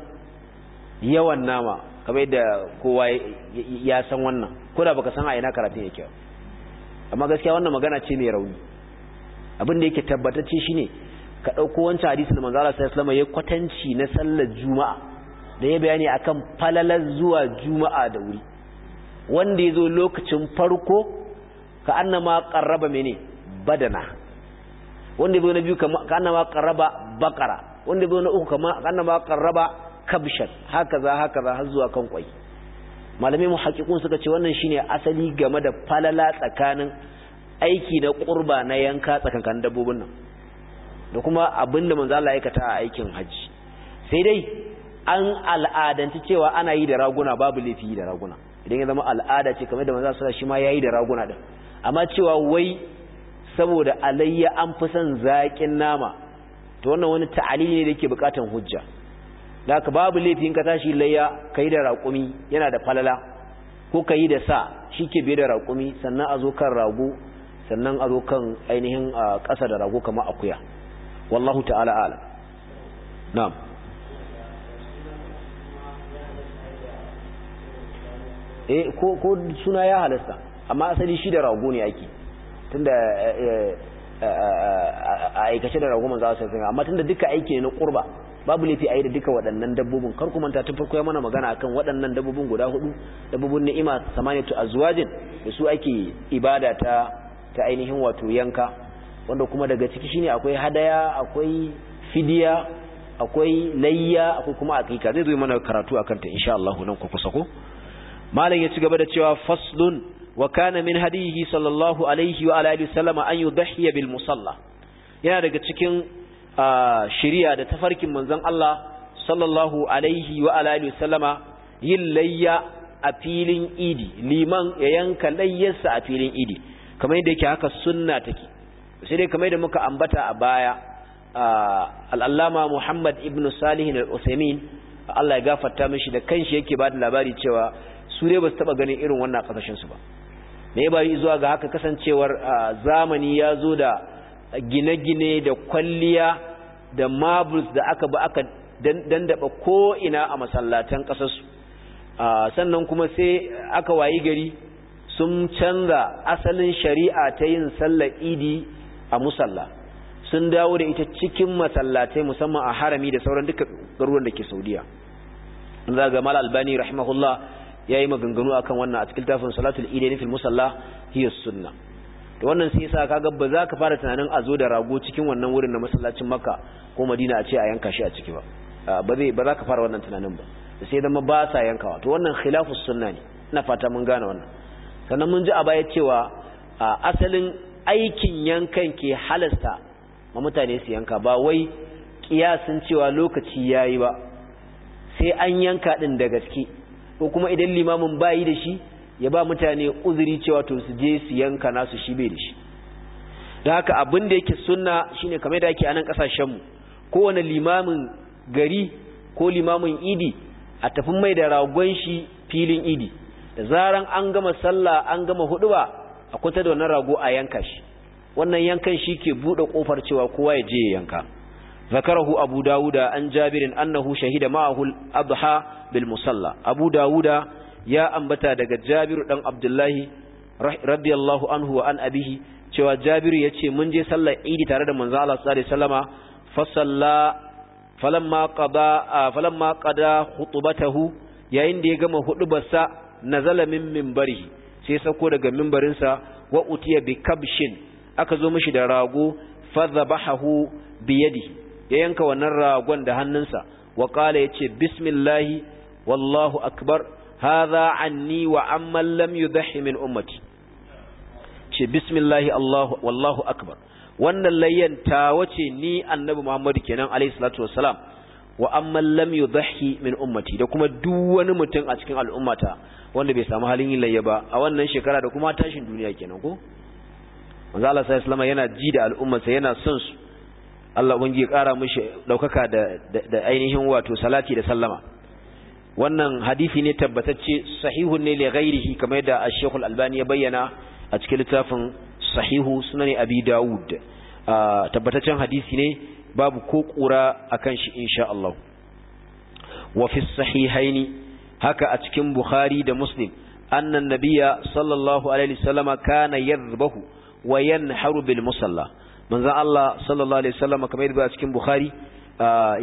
yawan nama kamar yadda kowa ya san wannan ko da baka san a ina karatun yake amma gaskiya wannan magana ce mai rauni abin da yake tabbatacce shine ka dauko wancan hadisin da manzo Allah sallallahu alaihi wasallam ya kwatanci na sallar juma'a da ya bayani akan falalar zuwa juma'a da wuri wanda yazo lokacin farko ka annama qarraba mene badana wanda yazo na biyu ka annama qarraba baqara wanda yazo na uku ka annama qarraba kabshan haka za haka za har zuwa kan kwai malamai haƙiƙun suka ce wannan shine asali game da falala tsakanin aiki na ƙurba na yanka tsakankan dabbobin nan da kuma abin da manzo Allah aikata a aikin hajji sai dai an al'adanci cewa ana yi da raguna babu laifi da raguna idan ya zama al'ada ce kamar da manzo Allah shi ma yayi da raguna din amma cewa wai saboda alayya an fi son zakin nama to wannan wani ta'alili ne da yake buƙatan hujja da ka babu laifi in ka tashi layya kai da raƙumi yana da falala ko ka da sa shi ke biye da raƙumi sannan a zo kan rago sannan a zo kan ainihin ƙasa da rago kama akuya wallahu ta'ala ala na'am eh ko suna ya halasta amma asali shi da rago ne ake tunda eh, eh, eh, a aikace da rago manzo Allah sallallahu alaihi amma tunda duka aiki ne na kurba babu laifi a yi da duka waɗannan dabbobin kar ku manta tun farko ya mana magana akan waɗannan dabbobin guda hudu dabbobin ni'ima samaniyatu azwajin da su ake ibada ta ta ainihin wato yanka wanda kuma daga ciki shine akwai hadaya akwai fidiya akwai layya akwai kuma akika zai zo mana karatu a kanta insha Allah nan ku kusa ko malam ya ci gaba da cewa faslun wa kana min hadihi sallallahu alaihi wa alihi wasallama an yudhiya bil musalla yana daga cikin shari'a da tafarkin manzon Allah sallallahu alaihi wa alihi sallama yin layya a filin idi liman ya yanka layyarsa a filin idi kamar yadda yake haka sunna take sai dai kamar yadda muka ambata a baya al'allama muhammad ibn salihin al'usaimin allah ya gafarta mishi da kanshi yake ba da labari cewa su dai basu su taɓa ganin irin wannan su ba me ya bari zuwa ga haka kasancewar zamani ya zo da gine-gine da kwalliya da marbles da aka ba aka dandaba ko ina a masallatan ƙasarsu sannan kuma sai aka wayi gari sun canza asalin shari'a ta yin sallar idi a musalla sun dawo da ita cikin masallatai musamman a harami da sauran duka garuruwan da ke saudiya za ga mal albani rahimahullah ya yi maganganu akan wannan a cikin tafin salatul na fil musalla hiya sunna to wannan sai sa kaga ba za ka fara tunanin a zo da rago cikin wannan wurin na masallacin makka ko madina a ce a yanka shi a ciki ba ba zai ba za ka fara wannan tunanin ba sai zama ba sa yankawa to wannan khilafus sunna ne ina fata mun gane wannan sannan mun ji a baya cewa a asalin aikin yankan ke halasta ma mutane su yanka ba wai kiyasin cewa lokaci yi ba sai an yanka ɗin da gaske ko kuma idan limamin bayi da shi ya ba mutane uzuri cewa to su je su yanka nasu shi bai da shi da haka abin da yake sunna shine kamar da yake a nan kasashen mu kowane limamin gari ko limamin idi a tafin mai da ragon shi filin idi da zaran an gama sallah an gama huduba a kuta da wannan rago a yanka shi wannan yankan shi ke buɗe kofar cewa kowa ya je yanka zakarahu abu dawuda an jabirin annahu shahida ma'ahu abha bil musalla abu dawuda ya ambata daga jabiru dan abdullahi radiyallahu anhu wa an abihi cewa jabiru yace mun je sallar idi tare da manzo Allah sallallahu alaihi wasallama fa salla falamma qada falamma qada khutbatahu yayin da ya gama hudubarsa nazala min minbarihi sai sako daga mimbarinsa wa utiya bi kabshin aka zo mishi da rago fadhabahu bi yadihi ya yanka wannan ragon da hannunsa wa qala yace bismillahi wallahu akbar hadha anni wa amma lam yudhi min ummati ce bismillahi wallahu akbar wannan layyan ta wace ni annabi muhammadu kenan alayhi salatu wassalam wa amma lam min ummati da kuma duk wani mutum a cikin al'ummata wanda bai samu halin yin layya ba a wannan shekara da kuma tashin duniya kenan ko manzo Allah sallallahu alaihi yana ji da al'ummarsa yana son su Allah ubangiji ya kara mishi daukaka da da ainihin wato salati da sallama wannan hadisi ne tabbatacce sahihu ne li ghairihi kamar yadda ash Al-Albani ya bayyana a cikin littafin Sahihu Sunan Abi daud ah, tabbataccen hadisi ne babu ko a akan shi insha Allah wa sahihaini haka a cikin Bukhari da Muslim annan Nabiya sallallahu alaihi wasallama kana yarbahu wa haru bil musalla manzon Allah sallallahu alaihi wasallama kamar yadda a cikin Bukhari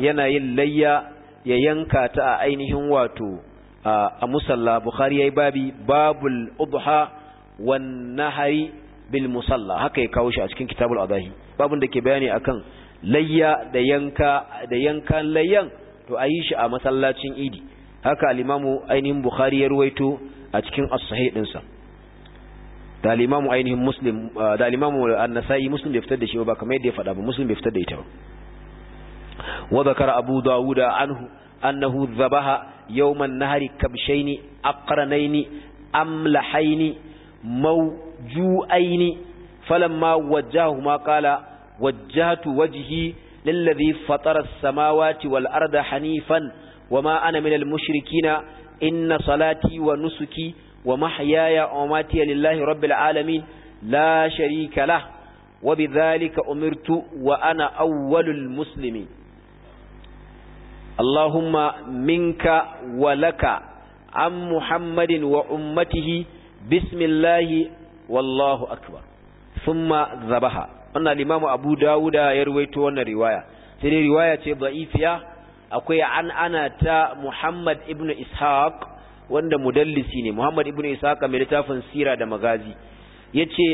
yana yin layya ya yanka ta a ainihin wato a musalla Bukhari yayi babi babul udha wan nahari bil musalla haka ya kawo shi a cikin kitabul adahi babun da ke bayani akan layya da yanka da yankan layyan to a yi shi a masallacin idi haka al-imamu ainihin bukhari ya ruwaito a cikin as-sahih dinsa da al-imamu ainihin muslim da al-imamu an-nasa'i muslim bai fitar da shi ba kamar yadda ya faɗa ba muslim bai fitar da ita ba wa zakara abu dawuda anhu annahu dhabaha yawman nahri kabshaini aqranaini amlahaini mawju'aini falamma wajjahuma qala wajjatu wajihi lillazi fatara as-samawati wal arda hanifan wa ana minal mushrikina inna salati wa nusuki wa mahyaya wa mamati lillahi rabbil alamin la sharika lah wa bidhalika umirtu wa ana awwalul muslimin اللهم منك ولك عن wa وأمته بسم الله والله أكبر ثم ذبحها wannan limamu abu dawuda ya ruwaito wannan riwaya sai dai riwaya ce da'ifiya akwai an ana ta muhammad ibnu ishaq wanda mudallisi ne muhammad ibnu ishaq mai littafin sira da magazi yace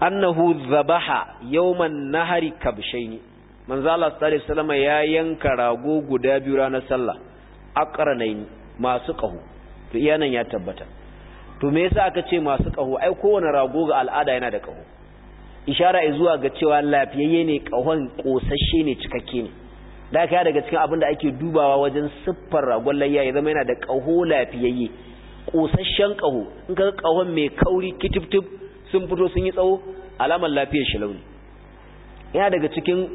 annahu zabaha yawman nahari kabshaini manzo Allah sallallahu alaihi wasallam ya yanka rago guda biyu ranar sallah aqranaini masu kahu to iya ya tabbata to me yasa aka ce masu kahu ai kowane rago ga al'ada yana da kahu ishara zuwa ga cewa lafiyayye ne kahon ƙosashe ne cikakke ne da ka daga cikin abin da ake dubawa wajen siffar ragon layya ya zama yana da ƙaho lafiyayye ƙosashen ƙaho in ka ƙahon mai kauri kitiftif sun fito sun yi tsawo alamar lafiyar shi launi yana daga cikin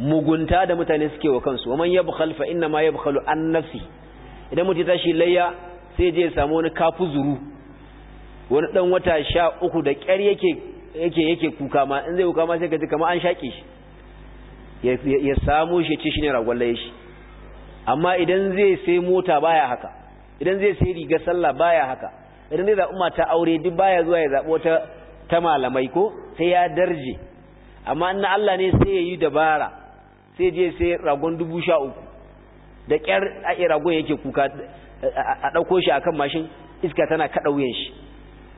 mugunta da mutane suke wa kansu waman yabkhal fa inna ma yabkhalu an nafsi idan mutum tashi layya sai je ya samu wani kafuzuru wani dan wata sha uku da ƙyar yake yake yake kuka ma in zai kuka ma sai ka ji kamar an shaƙe shi ya samu shi ci shi ragon ragwallaye shi amma idan zai sai mota baya haka idan zai sai riga sallah baya haka idan zai zaɓi mata aure duk baya zuwa ya zaɓi wata ta malamai ko sai ya darje amma in na Allah ne sai ya yi dabara sai je sai ragon dubu sha uku da ƙyar a ragon yake kuka a ɗauko shi akan mashin iska tana kaɗa wuyan shi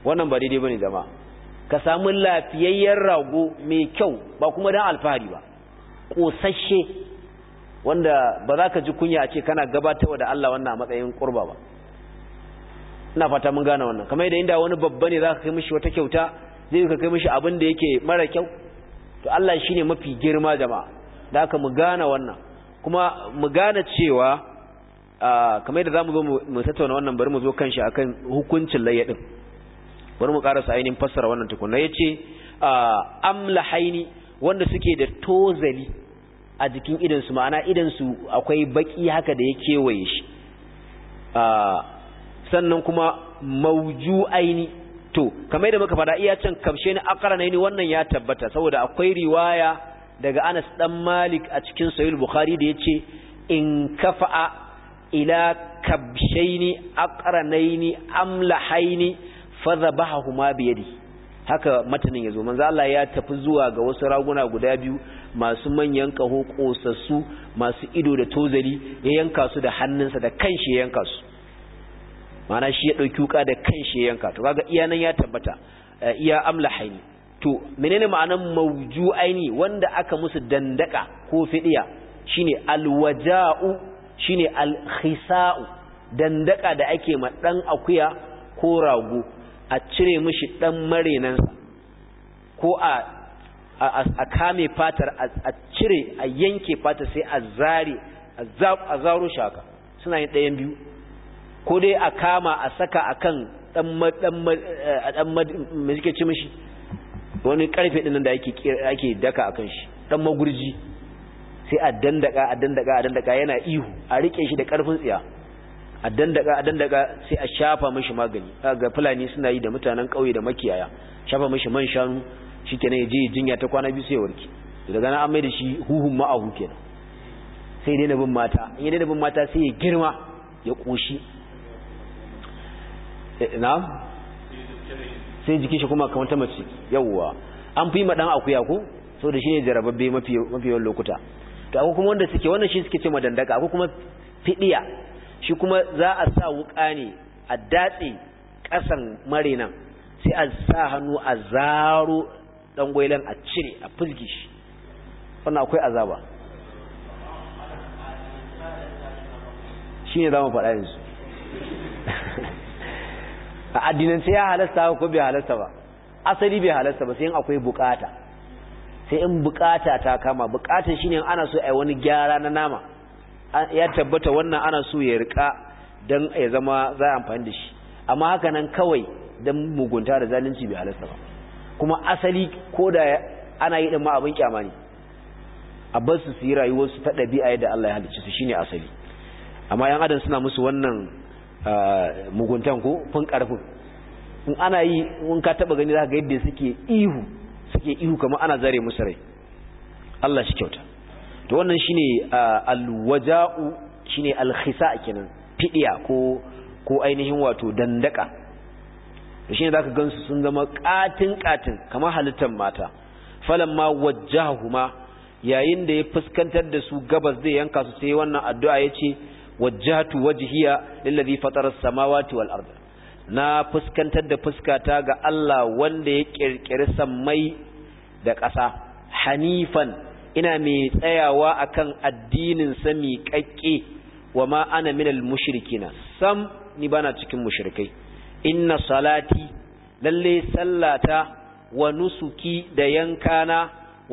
wannan ba daidai bane jama'a ka samu lafiyayyen rago mai kyau ba kuma dan alfahari ba ƙosashe wanda ba za ka ji kunya a ce kana wa da Allah wannan a matsayin ƙurba ba ina fata mun gane wannan kamar yadda inda wani babba ne za ka kai mishi wata kyauta zai ka kai mishi abin da yake mara kyau to Allah shi ne mafi girma jama'a da aka mu gane wannan kuma mu gane cewa ah, kamar yadda za mu zo mu tattauna wannan bari mu zo kan shi akan hukuncin layya din bari mu karasa ainihin fassara wannan tukunna yace ah, amlahaini wanda suke da tozali a jikin idansu ma'ana idansu akwai baki haka da ya kewaye shi ah, sannan kuma mauju aini to kamar da muka fada iya can kamshe ni akara ne wannan ya tabbata saboda akwai riwaya daga Anas dan Malik a cikin Sahih Bukhari da yace in kafa'a ila kabshaini aqranaini amlahaini fadhabahuma bi yadihi haka matanin yazo manzo Allah ya tafi zuwa ga wasu raguna guda biyu masu manyan kaho kosassu masu ido da tozari, ya yanka su da hannunsa da kanshi ya yanka su mana shi ya dauki wuka da kanshi ya yanka to kaga iya nan ya tabbata eh, iya haini, to menene ma'anan aini wanda aka musu dandaka ko fidiya shine alwaja'u shine alkhisa'u dandaka da ake ma dan akuya ko rago a cire mishi ɗan marenansa ko a a kame fatar a cire a yanke fatar sai a zare a zaro shaka suna yin ɗayan biyu ko dai a kama a saka a kan ɗan eh, suke ci mishi wani ƙarfe ɗin da ake daka a kan shi ɗan magurji sai a dandaka a dandaka a dandaka yana ihu a riƙe shi da ƙarfin tsiya a dandaga a dandaga sai a shafa mishi magani ga fulani suna yi da mutanen kauye da makiyaya shafa mishi man shanu shikenan ya je jinya ta kwana biyu sai warke daga nan an mai da shi huhun ma a kenan sai dai bin mata in yi daina bin mata sai ya girma ya koshi eh, Na sai jikin shi kuma kamar ta mace yawwa an fi madan akuya ko shi ne jarababbe mafi yawan lokuta to akwai kuma wanda suke wannan shi suke ce ma dandaka akwai kuma fidiya shi kuma za a sa wuka ne a datse ƙasan nan sai a sa hannu a zaro ɗan gwailan a cire a fulgi shi wannan akwai azaba shi ne za mu faɗa yanzu a addinance ya halasta ko bai halasta ba asali bai halasta ba sai in akwai bukata sai in bukata ta kama bukatan shine ana so yi wani gyara na nama ya tabbata wannan ana so ya rika don ya zama za a amfani da shi amma haka nan kawai don mugunta da zalunci bai halasta ba kuma asali ko da ana yi ma abin kyama ne a bar su su yi rayuwarsu ta ɗabi'a yadda Allah ya halicci su shine asali amma yan adam suna musu wannan muguntan ko fun karfin in ana yi in ka taba gani za ka ga yadda suke ihu suke ihu kamar ana zare musu rai Allah shi kyauta to wannan shine alwaja'u shine alkhisa kenan fidiya ko ko ainihin wato dandaka to shine zaka gansu sun zama katin katin kamar halittar mata falamma wajjahuma yayin da ya fuskantar da su gabas zai yanka su sai wannan addu'a yace wajjatu wajhiya lillazi fatara as-samawati wal ardh na fuskantar da fuskata ga Allah wanda ya kirkiri sammai da ƙasa hanifan ina mai tsayawa akan addinin sa kakke wa ma ana minal mushrikina sam ni bana cikin mushrikai inna salati lalle sallata wa nusuki da yankana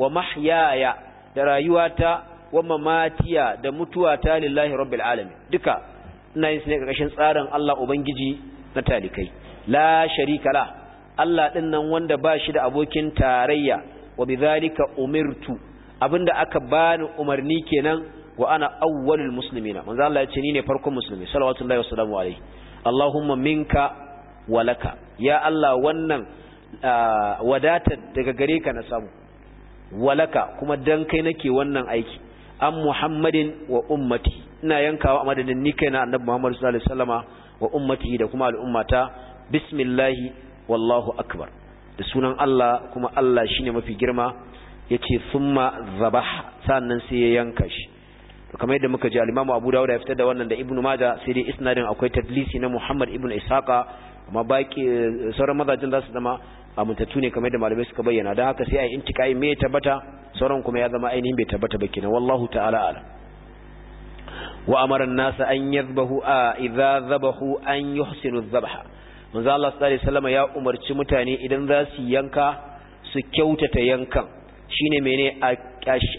wa mahyaya da rayuwata wa mamatiya da mutuwata lillahi rabbil alamin duka ina yin ne karkashin tsarin Allah ubangiji na talikai la sharika la Allah din nan wanda ba shi da abokin tarayya wa bidhalika umirtu abinda aka bani umarni kenan wa ana awwalul muslimina manzo Allah ya ce ni ne farkon musulmi sallallahu alaihi alaihi Allahumma minka wa ya Allah wannan wadatar daga gare ka na samu walaka kuma dan kai nake wannan aiki an Muhammadin wa ummati ina yankawa a madadin ni kaina annabi Muhammad sallallahu alaihi wasallama wa ummati da kuma al'ummata bismillah wallahu akbar da sunan Allah kuma Allah shine mafi girma ya ce ma zabah sannan sai ya yanka shi to kamar yadda muka ji alimamu imam Abu Dawud ya fitar da wannan da ibnu Majah sai dai isnadin akwai tadlisi na Muhammad ibn isaka amma baki sauran mazajin za su zama amintattu ne kamar yadda malamai suka bayyana don haka sai a yi intikai me ya tabbata sauran kuma ya zama ainihin bai tabbata ba kenan wallahu ta'ala ala wa amara an-nas an yadhbahu a idza dhabahu an yuhsinu dhabha manzo Allah sallallahu alaihi wasallam ya umarci mutane idan za su yanka su kyautata yankan shine mene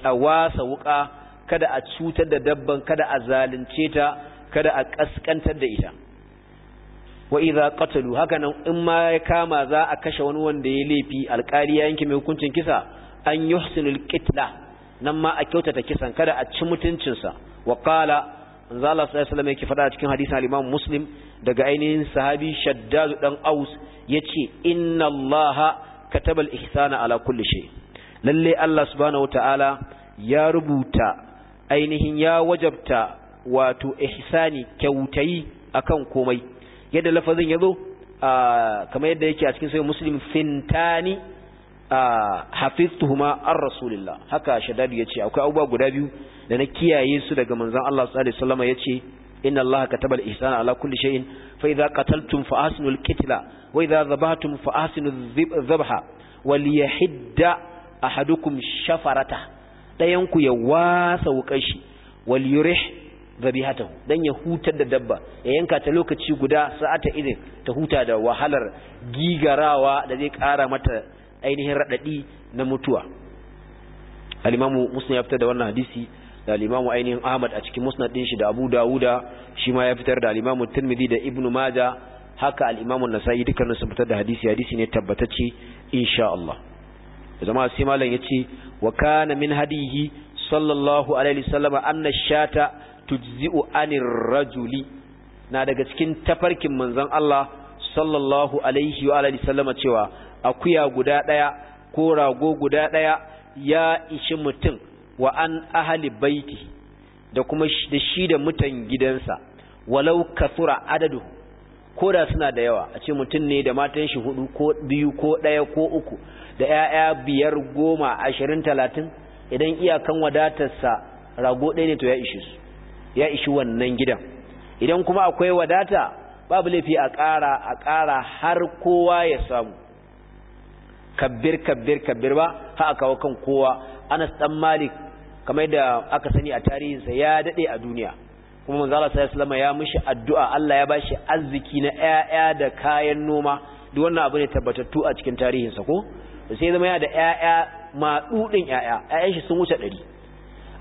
a wasa wuka kada a cutar da dabban kada a zalunce ta kada a kaskantar da ita wa idza qatalu hakanan in ma ya kama za a kashe wani wanda ya laifi alƙali ya yanke mai hukuncin kisa an yuhsinul qitla nan ma a kyautata kisan kada a ci mutuncinsa wa qala manzo Allah sallallahu alaihi wasallam yake cikin hadisin al-Imam Muslim daga ainihin sahabi Shaddad dan Aus yace inna Allah katabal ihsana ala kulli shay lalle Allah subhanahu ta'ala ya rubuta ainihin ya wajabta wato ihsani kyautayi akan komai yadda lafazin yazo kamar yadda yake a cikin sahih muslim fintani hafiztuhuma ar rasulillah haka shadadu yace akwai abubuwa guda biyu da na kiyaye su daga manzon Allah sallallahu alaihi wasallam yace inna Allah kataba al-ihsana ala kulli shay'in fa idza qataltum fa ahsinu al-qitla wa idza dhabhatum fa ahsinu dhabha wa liyahidda ahadukum shafarata dayan ku ya wasa wukar shi wal yurih zabihatahu dan ya hutar da dabba ya yanka ta lokaci guda sa'ata idin ta huta da wahalar gigarawa da zai kara mata ainihin radadi na mutuwa al-imamu musnad ya fitar da wannan hadisi da al-imamu ainihin ahmad a cikin musnad din shi da abu dawuda shi ma ya fitar da al-imamu tirmidhi da ibnu majah haka al-imamu nasai dukkanin sun fitar da hadisi hadisi ne tabbatacce insha Allah zama sai malam yace wa kana min hadihi sallallahu alaihi wasallama anna shata tujzi'u anir rajuli na daga cikin tafarkin manzon Allah sallallahu alaihi wa alihi sallama cewa akuya guda daya ko rago guda daya ya ishi mutum wa an ahli baiti da kuma da shi da mutan gidansa walau kasura adadu ko da suna da yawa a ce mutum ne da matan shi hudu ko biyu ko daya ko uku da 'ya'ya biyar goma ashirin talatin idan iyakan wadatarsa rago ɗaya ne to ya ishi su ya ishi wannan gidan idan kuma akwai wadata babu laifi a ƙara a ƙara har kowa ya samu kabbir kabbir kabbir ba ha a kawo kan kowa anas dan malik kamar da aka sani a tarihinsa ya daɗe a duniya kuma manzala sallallahu ya mushi addu'a Allah ya ba shi arziki na 'ya'ya da kayan noma duk wannan abu ne tabbatattu a cikin tarihinsa ko sai zama yana da ƴaƴa maɗuɗin ƴaƴa ƴaƴan shi sun wuce ɗari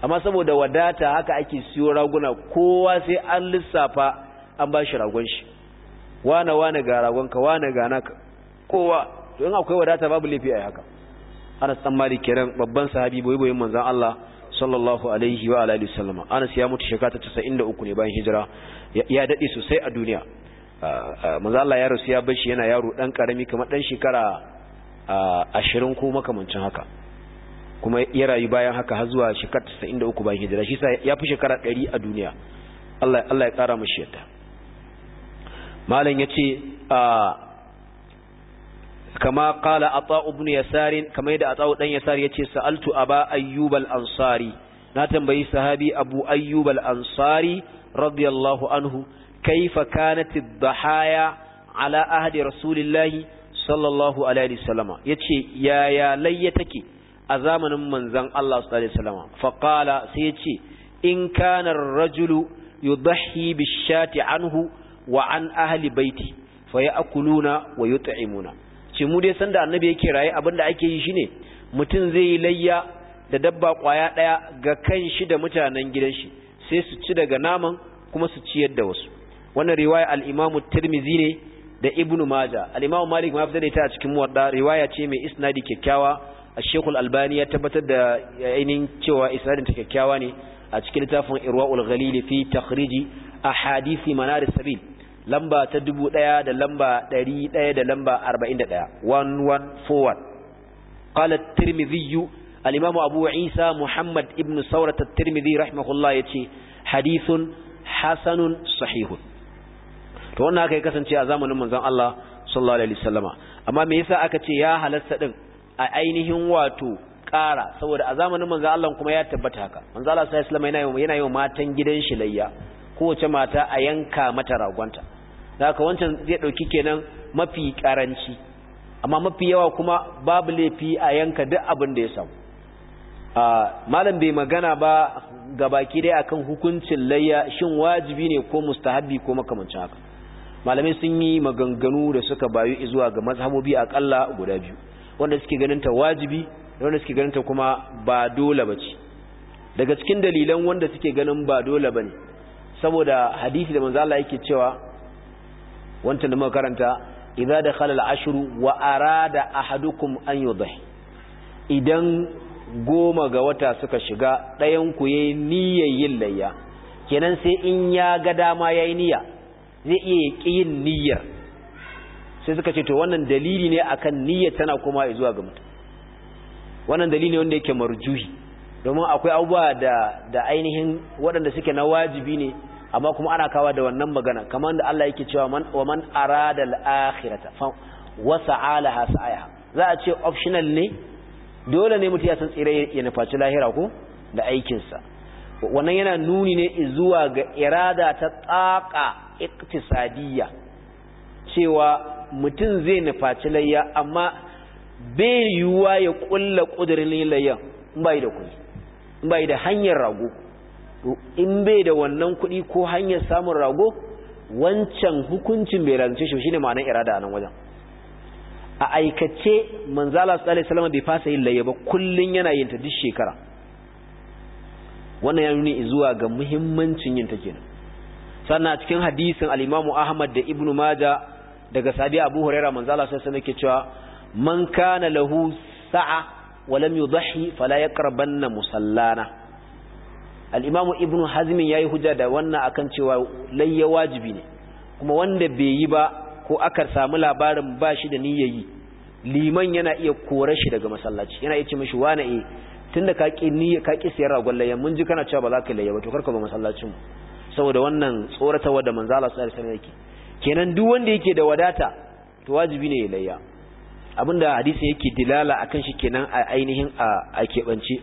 amma saboda wadata haka ake siyo raguna kowa sai an lissafa an ba shi ragon shi wane wane ga ragon ka wane ga naka kowa to in akwai wadata babu laifi a haka Anas dan Malik kiran babban sahabi boye-boyen manzon Allah sallallahu alaihi wa alihi wasallama Anas ya mutu shekara ta 93 ne bayan hijira ya dade sosai a duniya ah, ah, manzon Allah ya rasu ya bar shi yana yaro dan karami kamar dan shekara ashirin ko makamancin haka kuma ya rayu bayan haka har zuwa shekara 93 bayan hijira shi ya fi shekara 100 a duniya Allah Allah ya kara mashi yadda malam yace a kama qala ata ibn yasar kama yadda ata dan yasar yace sa'altu aba ayyub al-ansari na tambayi sahabi abu ayyub al-ansari radiyallahu anhu kaifa kanat ad-dahaya ala ahdi rasulillahi sallallahu alaihi wasallama yace yaya layya take a zamanin manzon Allah sallallahu alaihi wasallama fa qala sai yace in kana rajulu yudhi bishati anhu wa an ahli baiti fa akuluna wa yut'imuna ce mu dai sanda annabi yake raye abinda ake yi shine mutum zai yi layya da dabba kwaya ɗaya ga kan shi da mutanen gidan shi sai su ci daga naman kuma su ciyar da wasu wannan riwaya al-Imam tirmidhi ne da ibnu maja al malik ma fitar ita a cikin muwadda riwaya ce mai isnadi kyakkyawa a shaykh al-albani ya tabbatar da ainin cewa isnadin ta kyakkyawa ne a cikin littafin irwaul ghalili fi takhriji ahadisi manar sabil lamba ta 1000 da lamba 100 da lamba 41 1141 qala at-tirmidhi al-imamu abu isa muhammad ibn sawrat at-tirmidhi rahimahullah yace hadithun hasanun sahihun to wannan haka ya kasance a zamanin manzon Allah sallallahu alaihi wasallama amma me yasa aka ce ya halasta din a ainihin wato ƙara saboda a zamanin manzon Allah kuma ya tabbata haka manzon Allah sallallahu alaihi wasallama yana yi matan gidan shi layya kowace mata a yanka mata ragonta da haka wancan zai dauki kenan mafi karanci amma mafi yawa kuma babu laifi a yanka duk abin da ya samu malam bai magana ba gabaki dai akan hukuncin layya shin wajibi ne ko mustahabi ko makamancin haka malamai sun yi maganganu da suka bayu zuwa ga mazhabobi akalla guda biyu wanda suke ganin ta wajibi da wanda suke ganin ta kuma ba dole bace daga cikin dalilan wanda suke ganin ba dole bane saboda hadisi da manzo Allah yake cewa wanta da muka karanta idza dakhala al wa arada ahadukum an yudhi idan goma ga wata suka shiga ɗayan ku yayi niyyar yin layya kenan sai in ya ga dama yayi niyya zai iya yin niyyar sai suka ce to wannan dalili ne akan niyyar tana kuma zuwa ga mutum wannan dalili ne wanda yake marjuhi domin akwai abubuwa da da ainihin waɗanda suke na wajibi ne amma kuma ana kawa da wannan magana kamar da Allah yake cewa man wa man arada al-akhirata fa wasa'a laha sa'aha za a ce optional ne dole ne mutum ya san tsire ya nufaci lahira ko da aikinsa wannan yana nuni ne zuwa ga irada ta tsaka iktisadiyya cewa mutum zai nufaci layya amma bai yiwuwa ya kulla kudirin layyan in bai da kudi in bai da hanyar rago in bai da wannan kuɗi ko hanyar samun rago wancan hukuncin bai rance shi shine ma'anar irada a nan wajen a aikace manzala sallallahu alaihi wasallam bai fasa yin layya ba kullum yana yin ta duk shekara wannan ya nuni zuwa ga muhimmancin yin ta kenan sannan a cikin hadisin al-Imam Ahmad da Ibn Maja daga Sabi Abu Manzala manzo Allah sallallahu cewa man kana lahu sa'a wa lam yudhi fala yaqrabanna musallana al-Imam Ibn Hazm yayi hujja da wannan akan cewa layya wajibi ne kuma wanda bai yi ba ko aka samu labarin ba shi da niyyayi liman yana iya kore shi daga masallaci yana iya ce mishi wane eh, tunda ka ki niyya ka ki sayar ragon mun ji kana cewa ba za ka layya ba to karka ba masallacin mu saboda wannan tsoratawa da manzo Allah sallallahu alaihi wasallam yake kenan duk wanda yake da wadata to wajibi ne ya layya abinda hadisin yake dilala akan shi kenan a ainihin a keɓance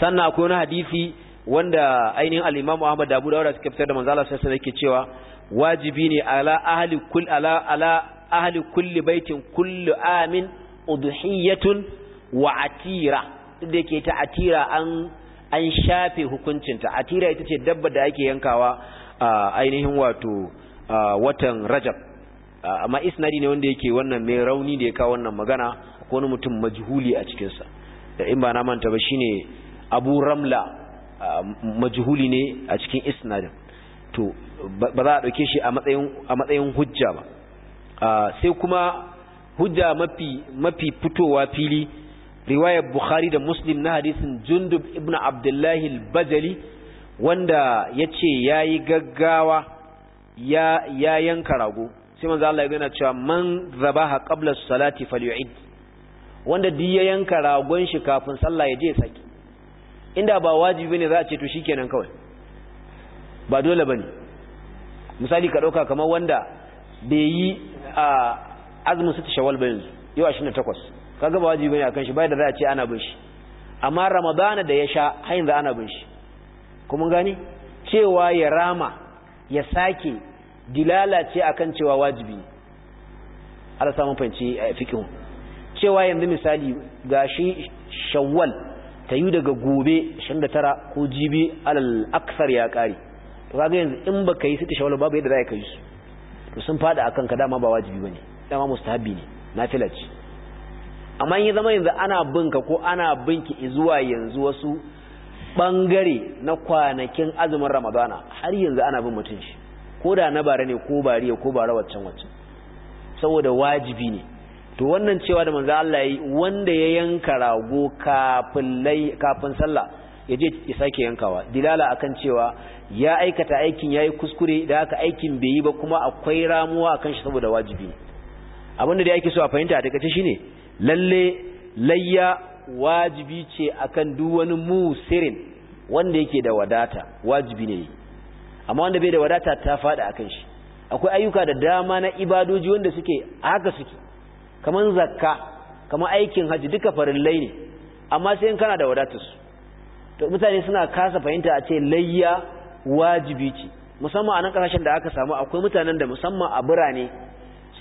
sannan akwai wani hadisi wanda ainihin al-Imam Ahmad Abu Dawud suka fitar da manzo Allah sallallahu alaihi yake cewa wajibi ne ala ahli kull ala ala ahli kulli baitin kullu amin udhiyatun wa atira da yake ta atira an an shafe hukuncinta atira ita ce dabba da ake yankawa a ainihin wato watan rajab amma isnadi ne wanda yake wannan mai rauni da ya kawo wannan magana ko wani mutum majhuli a cikinsa da in ba na manta ba shine abu ramla majhuli ne a cikin isnadin to ba za a ɗauke shi a matsayin hujja ba sai kuma hujja mafi fitowa fili riwayar bukhari da muslim na hadisin jundub ibn abdullahi al-bajali wanda ya ce ya yi gaggawa ya yanka rago sai manzo Allah ya gana cewa man zabaha qabla salati falyu'id wanda duk ya yanka ragon shi kafin sallah ya je saki inda ba wajibi ne za a ce to shikenan kawai ba dole bane misali ka dauka kamar wanda bai yi azumin sita shawwal ba yanzu yau 28 kaga ba wajibi ne akan shi bai da za a ce ana bin shi amma ramadana da ya sha har yanzu ana bin shi kuma gani cewa ya rama ya sake dilala ce akan cewa wajibi ne ala samun fahimci a eh, fikin cewa yanzu misali gashi shawwal ta yi daga gobe 29 ko jibi alal aksar ya kare to kaga yanzu in baka yi sita shawwal babu yadda za ka yi su to sun fada akan ka dama ba wajibi bane dama mustahabi ne nafila amma in ya zama yanzu ana binka ko ana binki zuwa yanzu wasu bangare na kwanakin azumin ramadana har yanzu ana bin mutum shi ko da na bare ne ko bariya ko bara waccan waccan saboda wajibi ne to wannan cewa da manzo Allah yi wanda ya yanka rago kafin lai kafin sallah yaje ya sake yankawa dilala akan cewa ya aikata aikin yayi kuskure da haka aikin bai yi ba kuma akwai ramuwa akan shi saboda wajibi abinda da yake so a fahimta a takaice shine lalle layya wajibi ce akan duk wani musirin wanda yake da wadata wajibi ne amma wanda bai da wadata ta fada akan shi akwai ayyuka da dama na ibadoji wanda suke haka suke kaman zakka kaman aikin haji duka farillai ne amma sai in kana da wadatar su to mutane suna kasa fahimta a ce layya wajibi ce musamman a nan kasashen da aka samu akwai mutanen da musamman a birane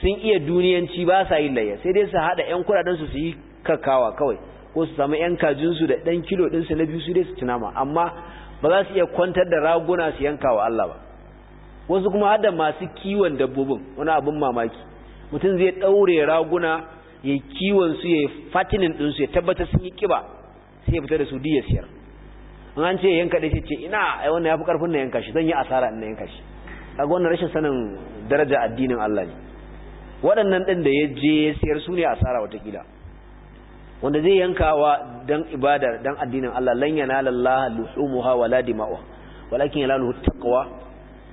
sun iya duniyanci ba sa yin layya sai dai su haɗa 'yan kuɗaɗen su su yi kakawa kawai ko su samu 'yan kajinsu da ɗan kilo ɗinsu na biyu su dai su ci nama amma ba za su iya kwantar da raguna su yanka wa Allah ba wasu kuma hada masu kiwon dabbobin wani abin mamaki mutum zai ɗaure raguna ya kiwon su ya fatinin su ya tabbatar sun yi kiba sai ya fita da su diya siyar an ce yanka da ce ina ai wannan ya fi ƙarfin na yanka shi zan yi asara na yanka shi kaga wannan rashin sanin daraja addinin Allah ne waɗannan ɗin da ya je ya siyar su ne a asara watakila wanda zai yankawa don ibadar don addinin Allah lanyana lallaha luhumuha ladi dima'uha walakin yanaluhu taqwa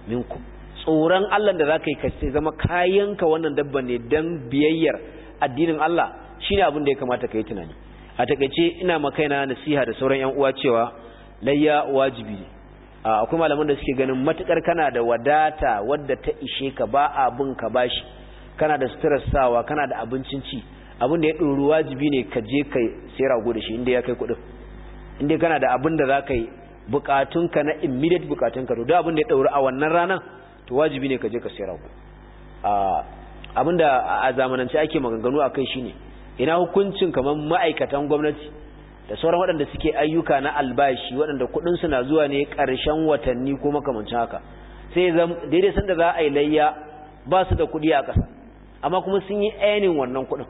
minkum tsoron Allah da za ka yi kace zama kayanka wannan dabba ne don biyayyar addinin Allah shi ne abin da ya kamata ka yi tunani a takaice ina makaina na nasiha da sauran yan uwa cewa layya wajibi akwai malaman da suke ganin matukar kana da wadata wadda ta ishe ka ba abin ka bashi kana da suturar sawa kana da abincin ci abin da ya ɗoru wajibi ne ka je ka sai rago da shi inda ya kai kuɗin inda kana da abin da za ka yi bukatunka na immediate bukatunka to da abin da ya ɗoru a wannan ranar to wajibi ne ka je ka sai rago abin da a zamanance ake maganganu a kai shine ina hukuncin kamar ma'aikatan gwamnati da sauran waɗanda suke ayyuka na albashi waɗanda kuɗinsu na zuwa ne ƙarshen watanni ko makamancin haka sai daidai sanda za a yi layya ba su da kuɗi a ƙasa amma kuma sun yi ainihin wannan kuɗin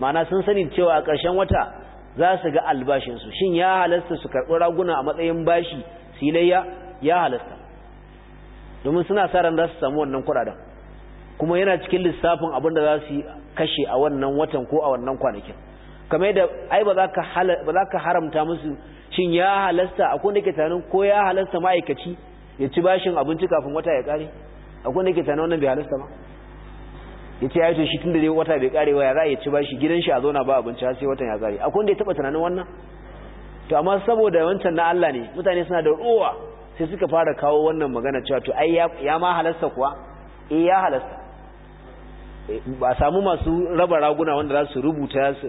ma'ana sun sani cewa a ƙarshen wata za su ga albashinsu shin ya halasta su karɓi raguna a matsayin bashi silayya ya halasta domin suna sa ran za su samu wannan kuɗaɗen kuma yana cikin lissafin abin da za su kashe a wannan watan ko a wannan kwanakin kamar da ai ba za ka haramta musu shin ya halasta akwai da ke tanin ko ya halasta ma'aikaci ya ci bashin abinci kafin wata ya kare akwai da ke tanin wannan bai halasta ba ya ce ya shi tun da dai wata bai karewa ya za a ci bashi gidan shi a zona ba abinci har sai watan ya kare akwai wanda ya taba tunanin wannan to amma saboda wancan na Allah ne mutane suna da ruwa sai suka fara kawo wannan magana cewa to ai ya ma halasta kuwa eh ya halasta eh, ba samu masu raba raguna wanda za su rubuta su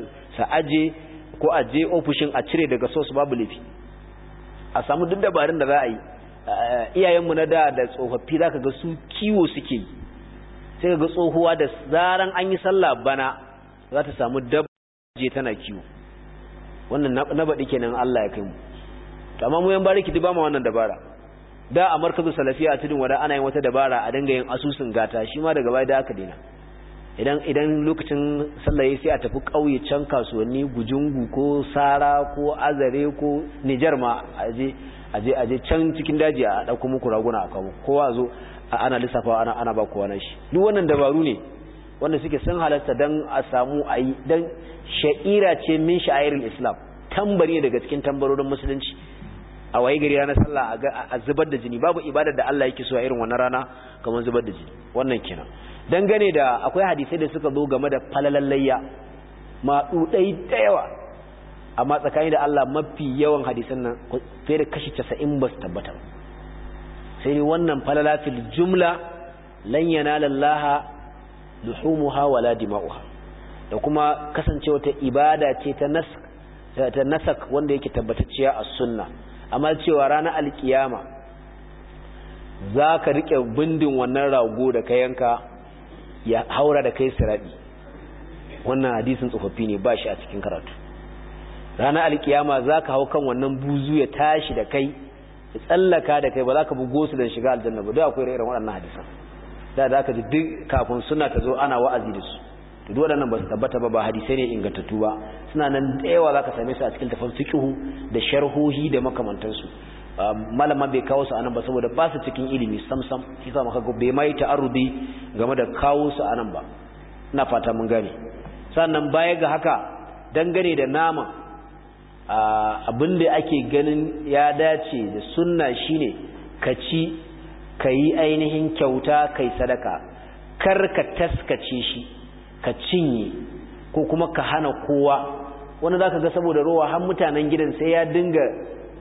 aje ko aje ofishin a cire daga sos babu laifi a samu duk dabarun da za a yi iyayenmu na da da tsofaffi za ka ga su kiwo suke yi sai ga tsohuwa da zaran an yi sallah bana za ta samu dabbaje tana kiwo wannan na baɗi kenan Allah ya kai mu amma mu yan bariki duk ba mu wannan dabara da a markazu salafiya a tudun wada ana yin wata dabara a dinga yin asusun gata shi ma daga baya da aka daina idan idan lokacin sallaye sai a tafi kauye can kasuwanni gujungu ko sara ko azare ko nijar ma aje aje aje can cikin daji a dauko muku raguna a kawo kowa zo ana lissafa ana ana ba kowa shi duk wannan dabaru ne wanda suke sun halarta dan a samu ayi dan sha'ira ce min sha'irul islam tambari daga cikin tambarorin musulunci a waye gari ranar sallah a zubar da jini babu ibadar da Allah yake so a irin wannan rana kamar zubar da jini wannan kenan dangane da akwai hadisai da suka zo game da falalallayya ma dudai da yawa amma tsakani da Allah mafi yawan hadisan nan sai da kashi 90 ba su tabbata sai wannan falala jumla lan yanala Allah luhumuha wala dima'uha da kuma kasancewa ta ibada ce ta nask ta nasak wanda yake tabbatacciya a sunna amma cewa ranar alkiyama zaka rike bindin wannan rago da ka yanka ya haura da kai sirabi wannan hadisin tsofaffi ne ba shi a cikin karatu ranar alkiyama zaka hau kan wannan buzu ya tashi da kai ya tsallaka da kai ba za ka bugo su don shiga aljanna ba da akwai irin waɗannan hadisan da za ka ji duk kafin suna ta zo ana wa'azi da su to duk waɗannan ba su tabbata ba ba hadisai ne ingantattu ba suna nan da yawa za ka same su a cikin tafan kihu da sharhohi da makamantansu um, malama bai kawo su anan ba saboda ba su cikin ilimi samsam shi sa maka bai mai ta'arudi game da kawo su anan ba ina fata mun gane sannan baya ga haka dangane da naman. abin da ake ganin ya dace da sunna shine ka ci ka yi ainihin kyauta kai sadaka kar ka taskace shi ka cinye ko kuma ka hana kowa wani za ka ga saboda rowa har mutanen gidan sai ya dinga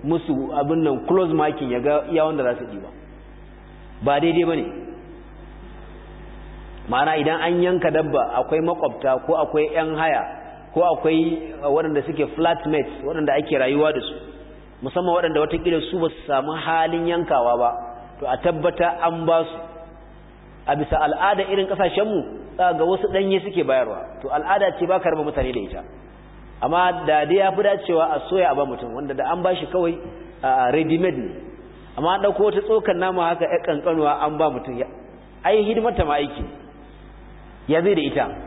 musu abin nan close marking ya ga yawon wanda za su ɗiba ba daidai ba ne ma'ana idan an yanka dabba akwai makwabta ko akwai 'yan haya ko akwai waɗanda suke flatmates waɗanda ake rayuwa da su musamman waɗanda watakila su ba su samu halin yankawa ba to a tabbata an ba su a bisa al'ada irin ƙasashenmu ga wasu ɗanye suke bayarwa to al'ada ce ba karba mutane da ita amma da dai ya fi dacewa a soya a ba mutum wanda da an ba shi kawai a ready made ne amma an ɗauko wata tsokan nama haka ya ƙanƙanuwa an ba mutum ai hidimar ta ma aiki ya zai da ita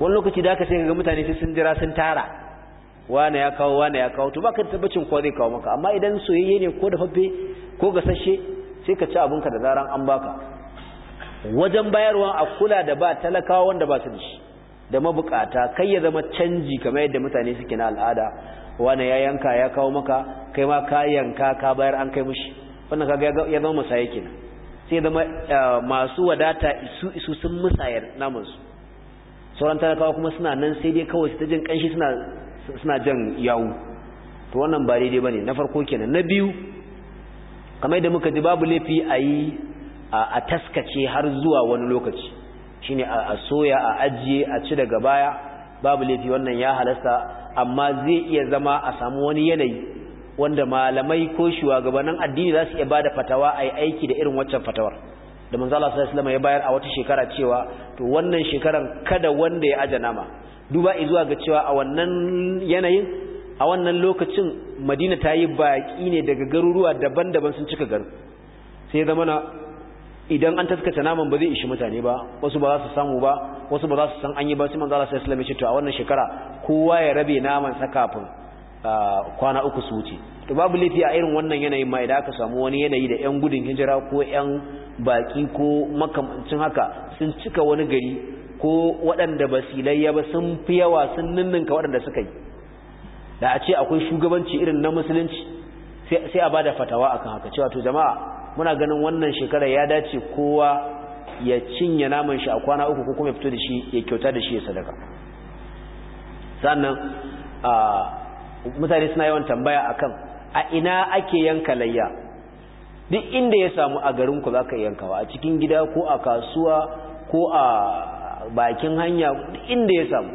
wani lokaci da aka ce ga mutane sai sun jira sun tara wane ya kawo wane ya kawo to baka da tabbacin ko zai kawo maka amma idan soyayye ne ko dafaffe ko gasashe sai ka ci abinka da zaran an baka wajen bayarwa a kula da ba talakawa wanda ba su da shi da mabukata kai ya zama canji kamar yadda mutane suke na al'ada wane ya yanka ya kawo maka kai ma ka yanka ka bayar an kai mushi wannan kaga ya zama musaya kenan sai zama eh, masu wadata isu isu sun musayar namansu sauran talakawa kuma suna nan sai dai kawai su ta jin kanshi suna jan yawu to wannan ba daidai ne, na farko kenan na biyu kamar da muka ji babu laifi a yi a taskace har zuwa wani lokaci shine a soya a ajiye a ci daga baya babu laifi wannan ya halasta amma zai iya zama a samu wani yanayi wanda malamai ko shugabannin addini za su iya ba da fatawa a yi aiki da irin waccan fatawar da manzo Allah sallallahu ya bayar a wata shekara cewa to wannan shekaran kada wanda ya aje nama duba izuwa ga cewa a wannan yanayin a wannan lokacin Madina ta yi baki ne daga garuruwa daban-daban sun cika garin sai zama na idan an taskace naman ba zai ishi mutane ba wasu ba za su samu ba wasu ba za su san an yi ba sai manzo Allah sallallahu alaihi wasallam ya ce to a wannan shekara kowa ya rabe naman sa kafin ah, kwana uku su wuce to babu laifi a irin wannan yanayin ma idan aka samu wani yanayi da yan gudun hijira ko yan baki ko makamancin haka sun cika wani gari ko waɗanda ba silayya ba sun fi yawa sun ninninka waɗanda suka yi da a ce akwai shugabanci irin na musulunci sai a bada fatawa akan haka cewa to jama'a muna ganin wannan shekarar ya dace kowa ya cinye naman shi a kwana uku ko kuma ya fito da shi ya kyauta da shi ya sadaka sannan mutane suna yawan tambaya akan a ina ake yanka layya duk inda ya samu a garin ku zaka yankawa a cikin gida ko a kasuwa ko a bakin hanya duk inda ya samu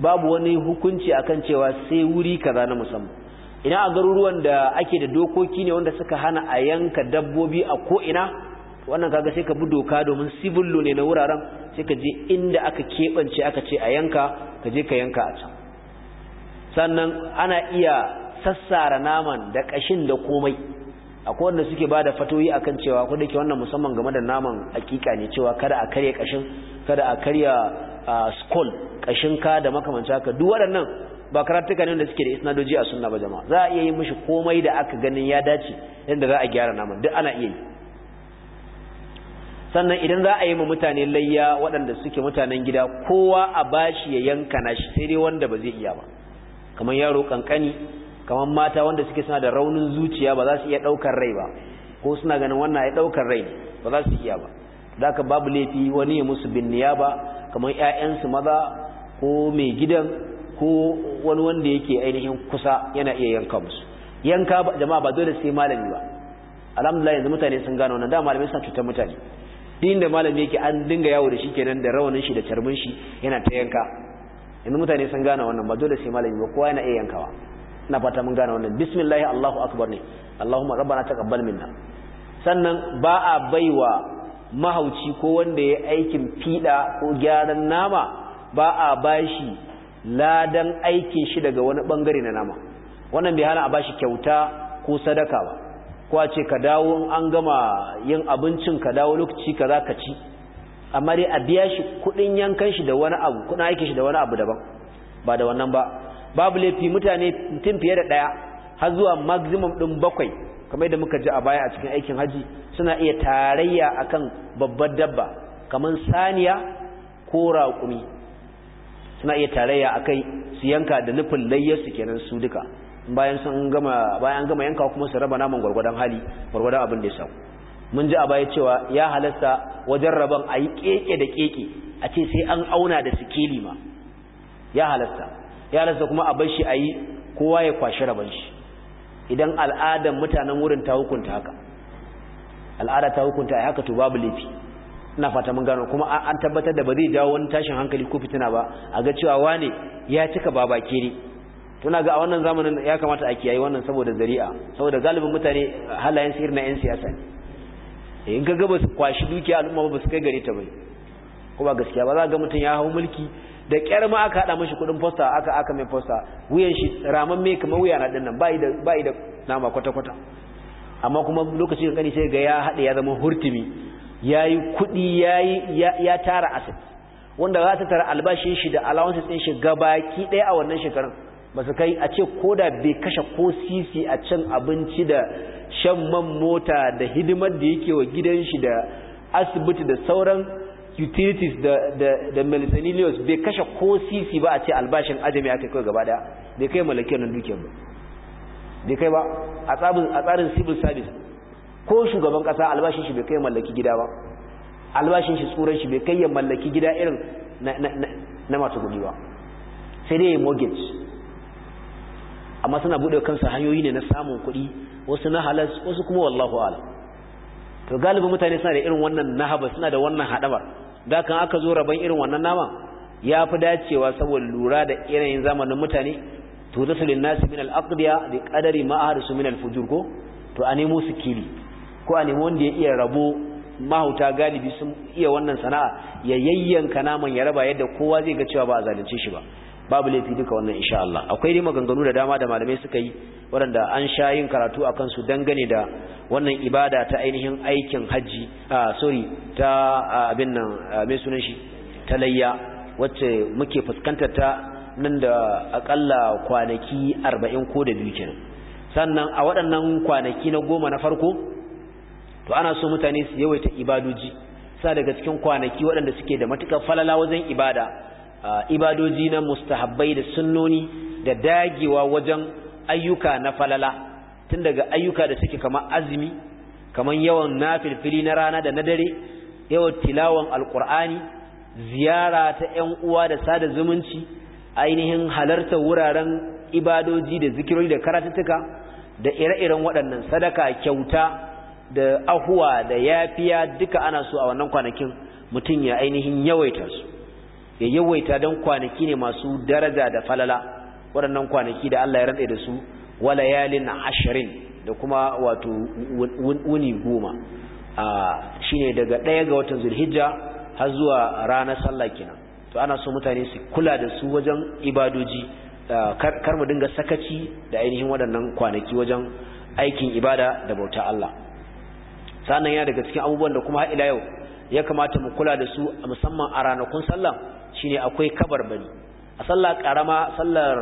babu wani hukunci akan cewa sai wuri kaza na musamman ina a garuruwan da ake da dokoki ne wanda suka hana a yanka dabbobi a ko ina wannan kaga sai ka bi doka domin sibullo ne na wuraren sai ka je inda aka keɓance aka ce a yanka ka je ka yanka a can sannan ana iya sassara naman da kashin da komai akwai wanda suke ba da fatoyi akan cewa ko ke wannan musamman game da naman hakika ne cewa kada a karya kashin kada a karya skull kashin ka da makamanta ka duk waɗannan ba karatuka ne da suke da isnadoji a sunna ba jama'a za a iya yi mishi komai da aka ganin ya dace yadda za a gyara naman duk ana iya yi sannan idan za a yi ma mutane layya waɗanda suke mutanen gida kowa a bashi ya yanka shi sai dai wanda ba zai iya ba kamar yaro kankani kamar mata wanda suke suna da raunin zuciya ba za su iya daukar rai ba ko suna ganin wannan ya daukar rai ba za su iya ba zaka babu laifi wani ya musu bin niyaba kamar 'ya'yansu maza ko mai gidan ko wani wanda yake ainihin kusa yana iya yanka musu yanka jama'a ba dole sai malami ba alhamdulillah yanzu mutane sun gano wannan da malamai suna cutar mutane din da malami yake an dinga yawo da shi kenan da rawanin shi da carbin shi yana ta yanka yanzu mutane sun gano wannan ba dole sai malami ba kowa yana iya yankawa na fata mun gane wannan bismillah Allahu akbar ne Allahumma rabbana taqabbal minna sannan ba a baiwa mahauci ko wanda ya aikin fida ko gyaran nama ba a bashi ladan aikin shi daga wani bangare na nama wannan bai hana a bashi kyauta ko sadaka ba ko a ce ka dawo an gama yin abincin ka dawo lokaci kaza ka ci amma dai a biya shi kudin yankan shi da wani abu kudin aikin shi da wani abu daban ba da wannan ba babu laifi mutane tun fiye da ɗaya har zuwa maximum ɗin bakwai kamar yadda muka ji a baya a cikin aikin haji suna iya tarayya akan babbar dabba kamar saniya ko raƙumi suna iya tarayya akai su yanka da nufin layyarsu kenan su duka bayan sun gama bayan gama yanka kuma su raba naman gwargwadon hali gwargwadon abin da ya samu mun ji a baya cewa ya halasta wajen rabon a yi keke da keke a ce sai an auna da sikeli ma ya halasta ya rasa kuma a bar shi a yi kowa ya kwashi rabon shi idan al'adar mutanen wurin ta hukunta haka al'ada ta hukunta a haka to babu laifi ina fata mun gano kuma an tabbatar da ba zai jawo wani tashin hankali ko fitina ba a ga cewa wane ya cika baba kiri tuna ga a wannan zamanin ya kamata a kiyaye wannan saboda zari'a saboda galibin mutane halayen sirri na 'yan siyasa ne eh, in ga gaba su kwashi dukiya al'umma ba su kai gare ta bai kuma gaskiya ba za ga mutum ya hau mulki da kyar ma aka hada mashi kudin posta aka aka mai posta wuyan shi raman me kamar wuya na dinnan bai da bai da nama kwata kwata amma kuma lokacin da kani sai ga ya hada ya zama hurtumi yayi kudi yayi ya tara asib wanda za ta tara albashin shi da allowances din shi gabaki daya a wannan shekarun ba su kai a ce koda bai kashe ko sisi a can abinci da shan man mota da hidimar da yake wa gidan shi da asibiti da sauran utilities da Melithenilius bai kashe ko sisi ba a ce albashin ajami aka kai gaba daya bai kai malakiyar nan dukiyar ba bai kai ba a tsarin civil service ko shugaban kasa albashin shi bai kai mallaki gida ba albashin shi tsoron shi bai kai ya mallaki gida irin na masu gudu ba sai dai mortgage amma suna buɗe kansu hanyoyi ne na samun kuɗi wasu na halas wasu kuma wallahu ala to galibin mutane suna da irin wannan nahaba suna da wannan haɗabar da kan aka zo rabon irin wannan nama ya fi dacewa saboda lura da yanayin zamanin mutane to ta sulin nasu min al'aqdiya da kadari ma'ahar su min alfujur ko to a nemo su kili ko a nemo wanda ya iya rabo mahauta galibi sun iya wannan sana'a ya yayyanka naman ya raba yadda kowa zai ga cewa ba a zalunce shi ba babu laifi duka wannan insha Allah akwai dai maganganu da dama da malamai suka yi waɗanda an sha yin karatu akan su dangane da wannan ibada ta ainihin aikin haji ah sorry ta abin nan mai sunan shi talayya wacce muke fuskantar ta nan da akalla kwanaki 40 ko da biyu kenan sannan a waɗannan kwanaki na goma na farko to ana so mutane su yawaita ibadoji sa daga cikin kwanaki waɗanda suke da matukar falala wajen ibada ibadoji na mustahabbai da sunnoni da dagewa wajen ayyuka na falala tun daga ayyuka da suke kamar azumi kamar yawan nafilfili na rana da na dare yawan tilawan alkur'ani ziyara ta 'yan uwa da sada zumunci ainihin halarta wuraren ibadoji da zikirori da karatuttuka da ire-iren waɗannan sadaka kyauta da ahuwa da yafiya duka ana so a wannan kwanakin mutum ya ainihin yawaita su ya yawaita don kwanaki ne masu daraja da falala waɗannan kwanaki da Allah ya rantsa da su wala yalin ashirin da kuma wato wuni goma shine daga ɗaya ga watan zulhijja har zuwa ranar sallah kenan to ana so mutane su kula da su wajen ibadoji kar mu dinga sakaci da ainihin waɗannan kwanaki wajen aikin ibada da bauta Allah sannan ya daga cikin abubuwan da kuma har ila yau ya kamata mu kula da su musamman a ranakun sallah shine akwai kabar bari a sallah karama sallar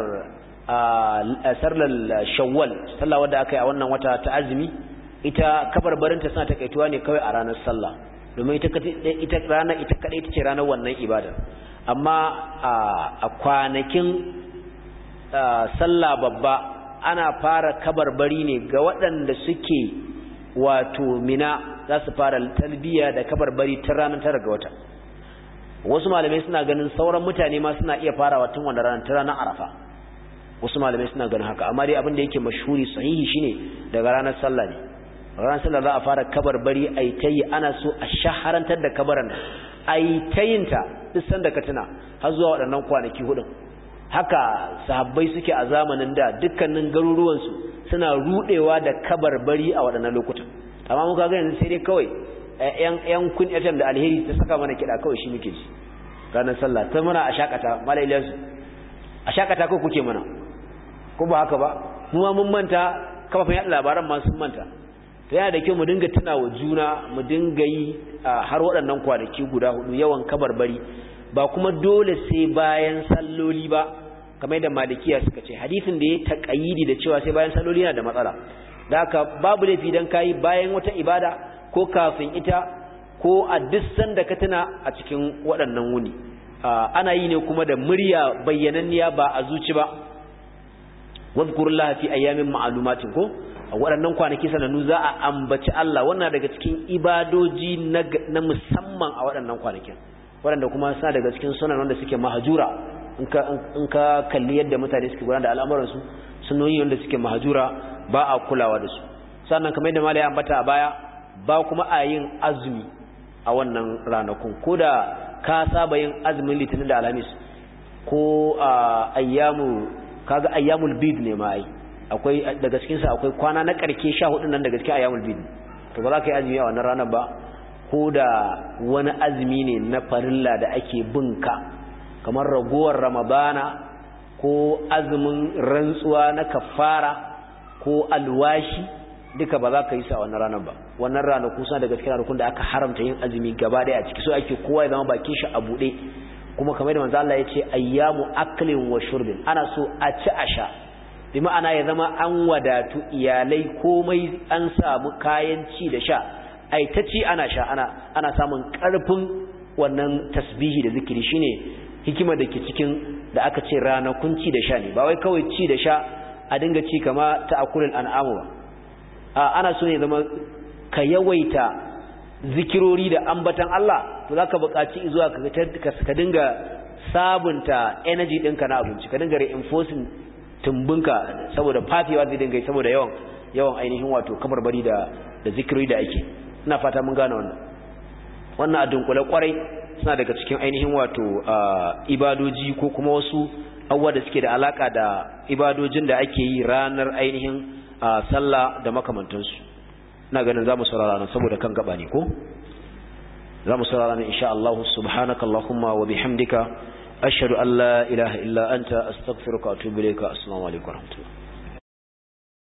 sallar shawwal sallah wadda aka yi a wannan wata ta azumi ita barinta suna takaituwa ne kawai a ranar sallah domin ita ita rana ita kadai tace ranar wannan ibada amma a kwanakin sallah babba ana fara kabar bari ne ga waɗanda suke wato mina za su fara talbiya da kabar bari ta ranar tara ga wata wasu malamai suna ganin sauran mutane ma suna iya farawa tun wanda ranar ta ranar arafa wasu malamai suna ganin haka amma dai abin da yake mashuri sahihi shine daga ranar sallah ne ranar sallah za a fara bari a yi ta yi ana so a shaharantar da kabaran a yi ta ta duk san da tuna har zuwa waɗannan kwanaki hudun haka sahabbai suke a zamanin da dukkanin garuruwansu suna rudewa da kabarbari a waɗannan lokutan amma muka ga yanzu sai dai kawai eh, yan kun da alheri ta saka mana kiɗa kawai shi muke ji ranar sallah ta muna a shakata mala ilyasu a shakata ko kuke mana ko ba haka ba mu mun manta kafafin yaɗa labaran ma sun manta ta yana da kyau mu dinga tuna wa juna mu dinga yi har waɗannan kwanaki guda hudu yawan kabarbari ba kuma dole sai bayan salloli ba kamar da malikiya suka ce hadisin da ya taƙayidi da cewa sai bayan salloli yana da matsala da haka babu laifi dan kayi bayan wata ibada ko kafin ita ko a dissan da ka tuna a cikin waɗannan wuni ana yi ne kuma da murya bayyananniya ba a zuci ba wadhkurullaha fi ayyamin ma'lumatin ko a waɗannan kwanaki sanannu za a ambaci Allah wannan daga cikin ibadoji na musamman a waɗannan kwanakin waɗanda kuma suna daga cikin sunan wanda suke mahajura in ka kalli yadda mutane suke gudanar da al'amuransu sunoyi wanda suke mahajura ba a kulawa da su sannan kamar yadda malaya ambata a baya ba kuma a yin azumi a wannan ranakun ko da ka saba yin azumin litinin da alhamis ko a ayyamu kaga ayyamul bid ne ma ai akwai daga cikin sa akwai kwana na karke 14 nan daga cikin ayyamul bid to ba za ka yi azumi a wannan ranar ba ko da wani azumi ne na farilla da ake binka kamar ragowar ramadana ko azumin rantsuwa na kafara ko alwashi duka ba za ka yi sa a wannan ranar ba wannan rana suna daga cikin ranakun da aka haramta yin azumi gaba daya a ciki so ake kowa ya zama bakin shi a bude kuma kamar da manzo Allah ya ce ayyamu aklin wa shurbin ana so a ci a sha bi ma'ana ya zama an wadatu iyalai komai an samu kayan ci da sha ai ta ci ana sha ana ana samun karfin wannan tasbihi da zikiri shine hikima da ke cikin da aka ce ranakun ci da sha ne ba wai kawai ci da sha a dinga ci kama ta akulul an'amu ba ana so ne zama ka yawaita zikirori da ambatan Allah to zaka buƙaci zuwa ka dinga sabunta energy dinka na abinci ka dinga reinforcing tumbinka saboda fafewa zai dinga saboda yawan yawan ainihin wato kabarbari da da zikirori da ake ina fata mun gane wannan wannan a dunkule kwarai suna daga cikin ainihin wato ibadoji ko kuma wasu abubuwa da suke da alaka da ibadojin da ake yi ranar ainihin sallah da makamantansu ina ganin zamu saurara nan saboda kan gaba ne ko zamu saurara nan insha Allah subhanaka allahumma wa bihamdika ashhadu an la ilaha illa anta astaghfiruka wa atubu ilayka assalamu alaikum wa rahmatullahi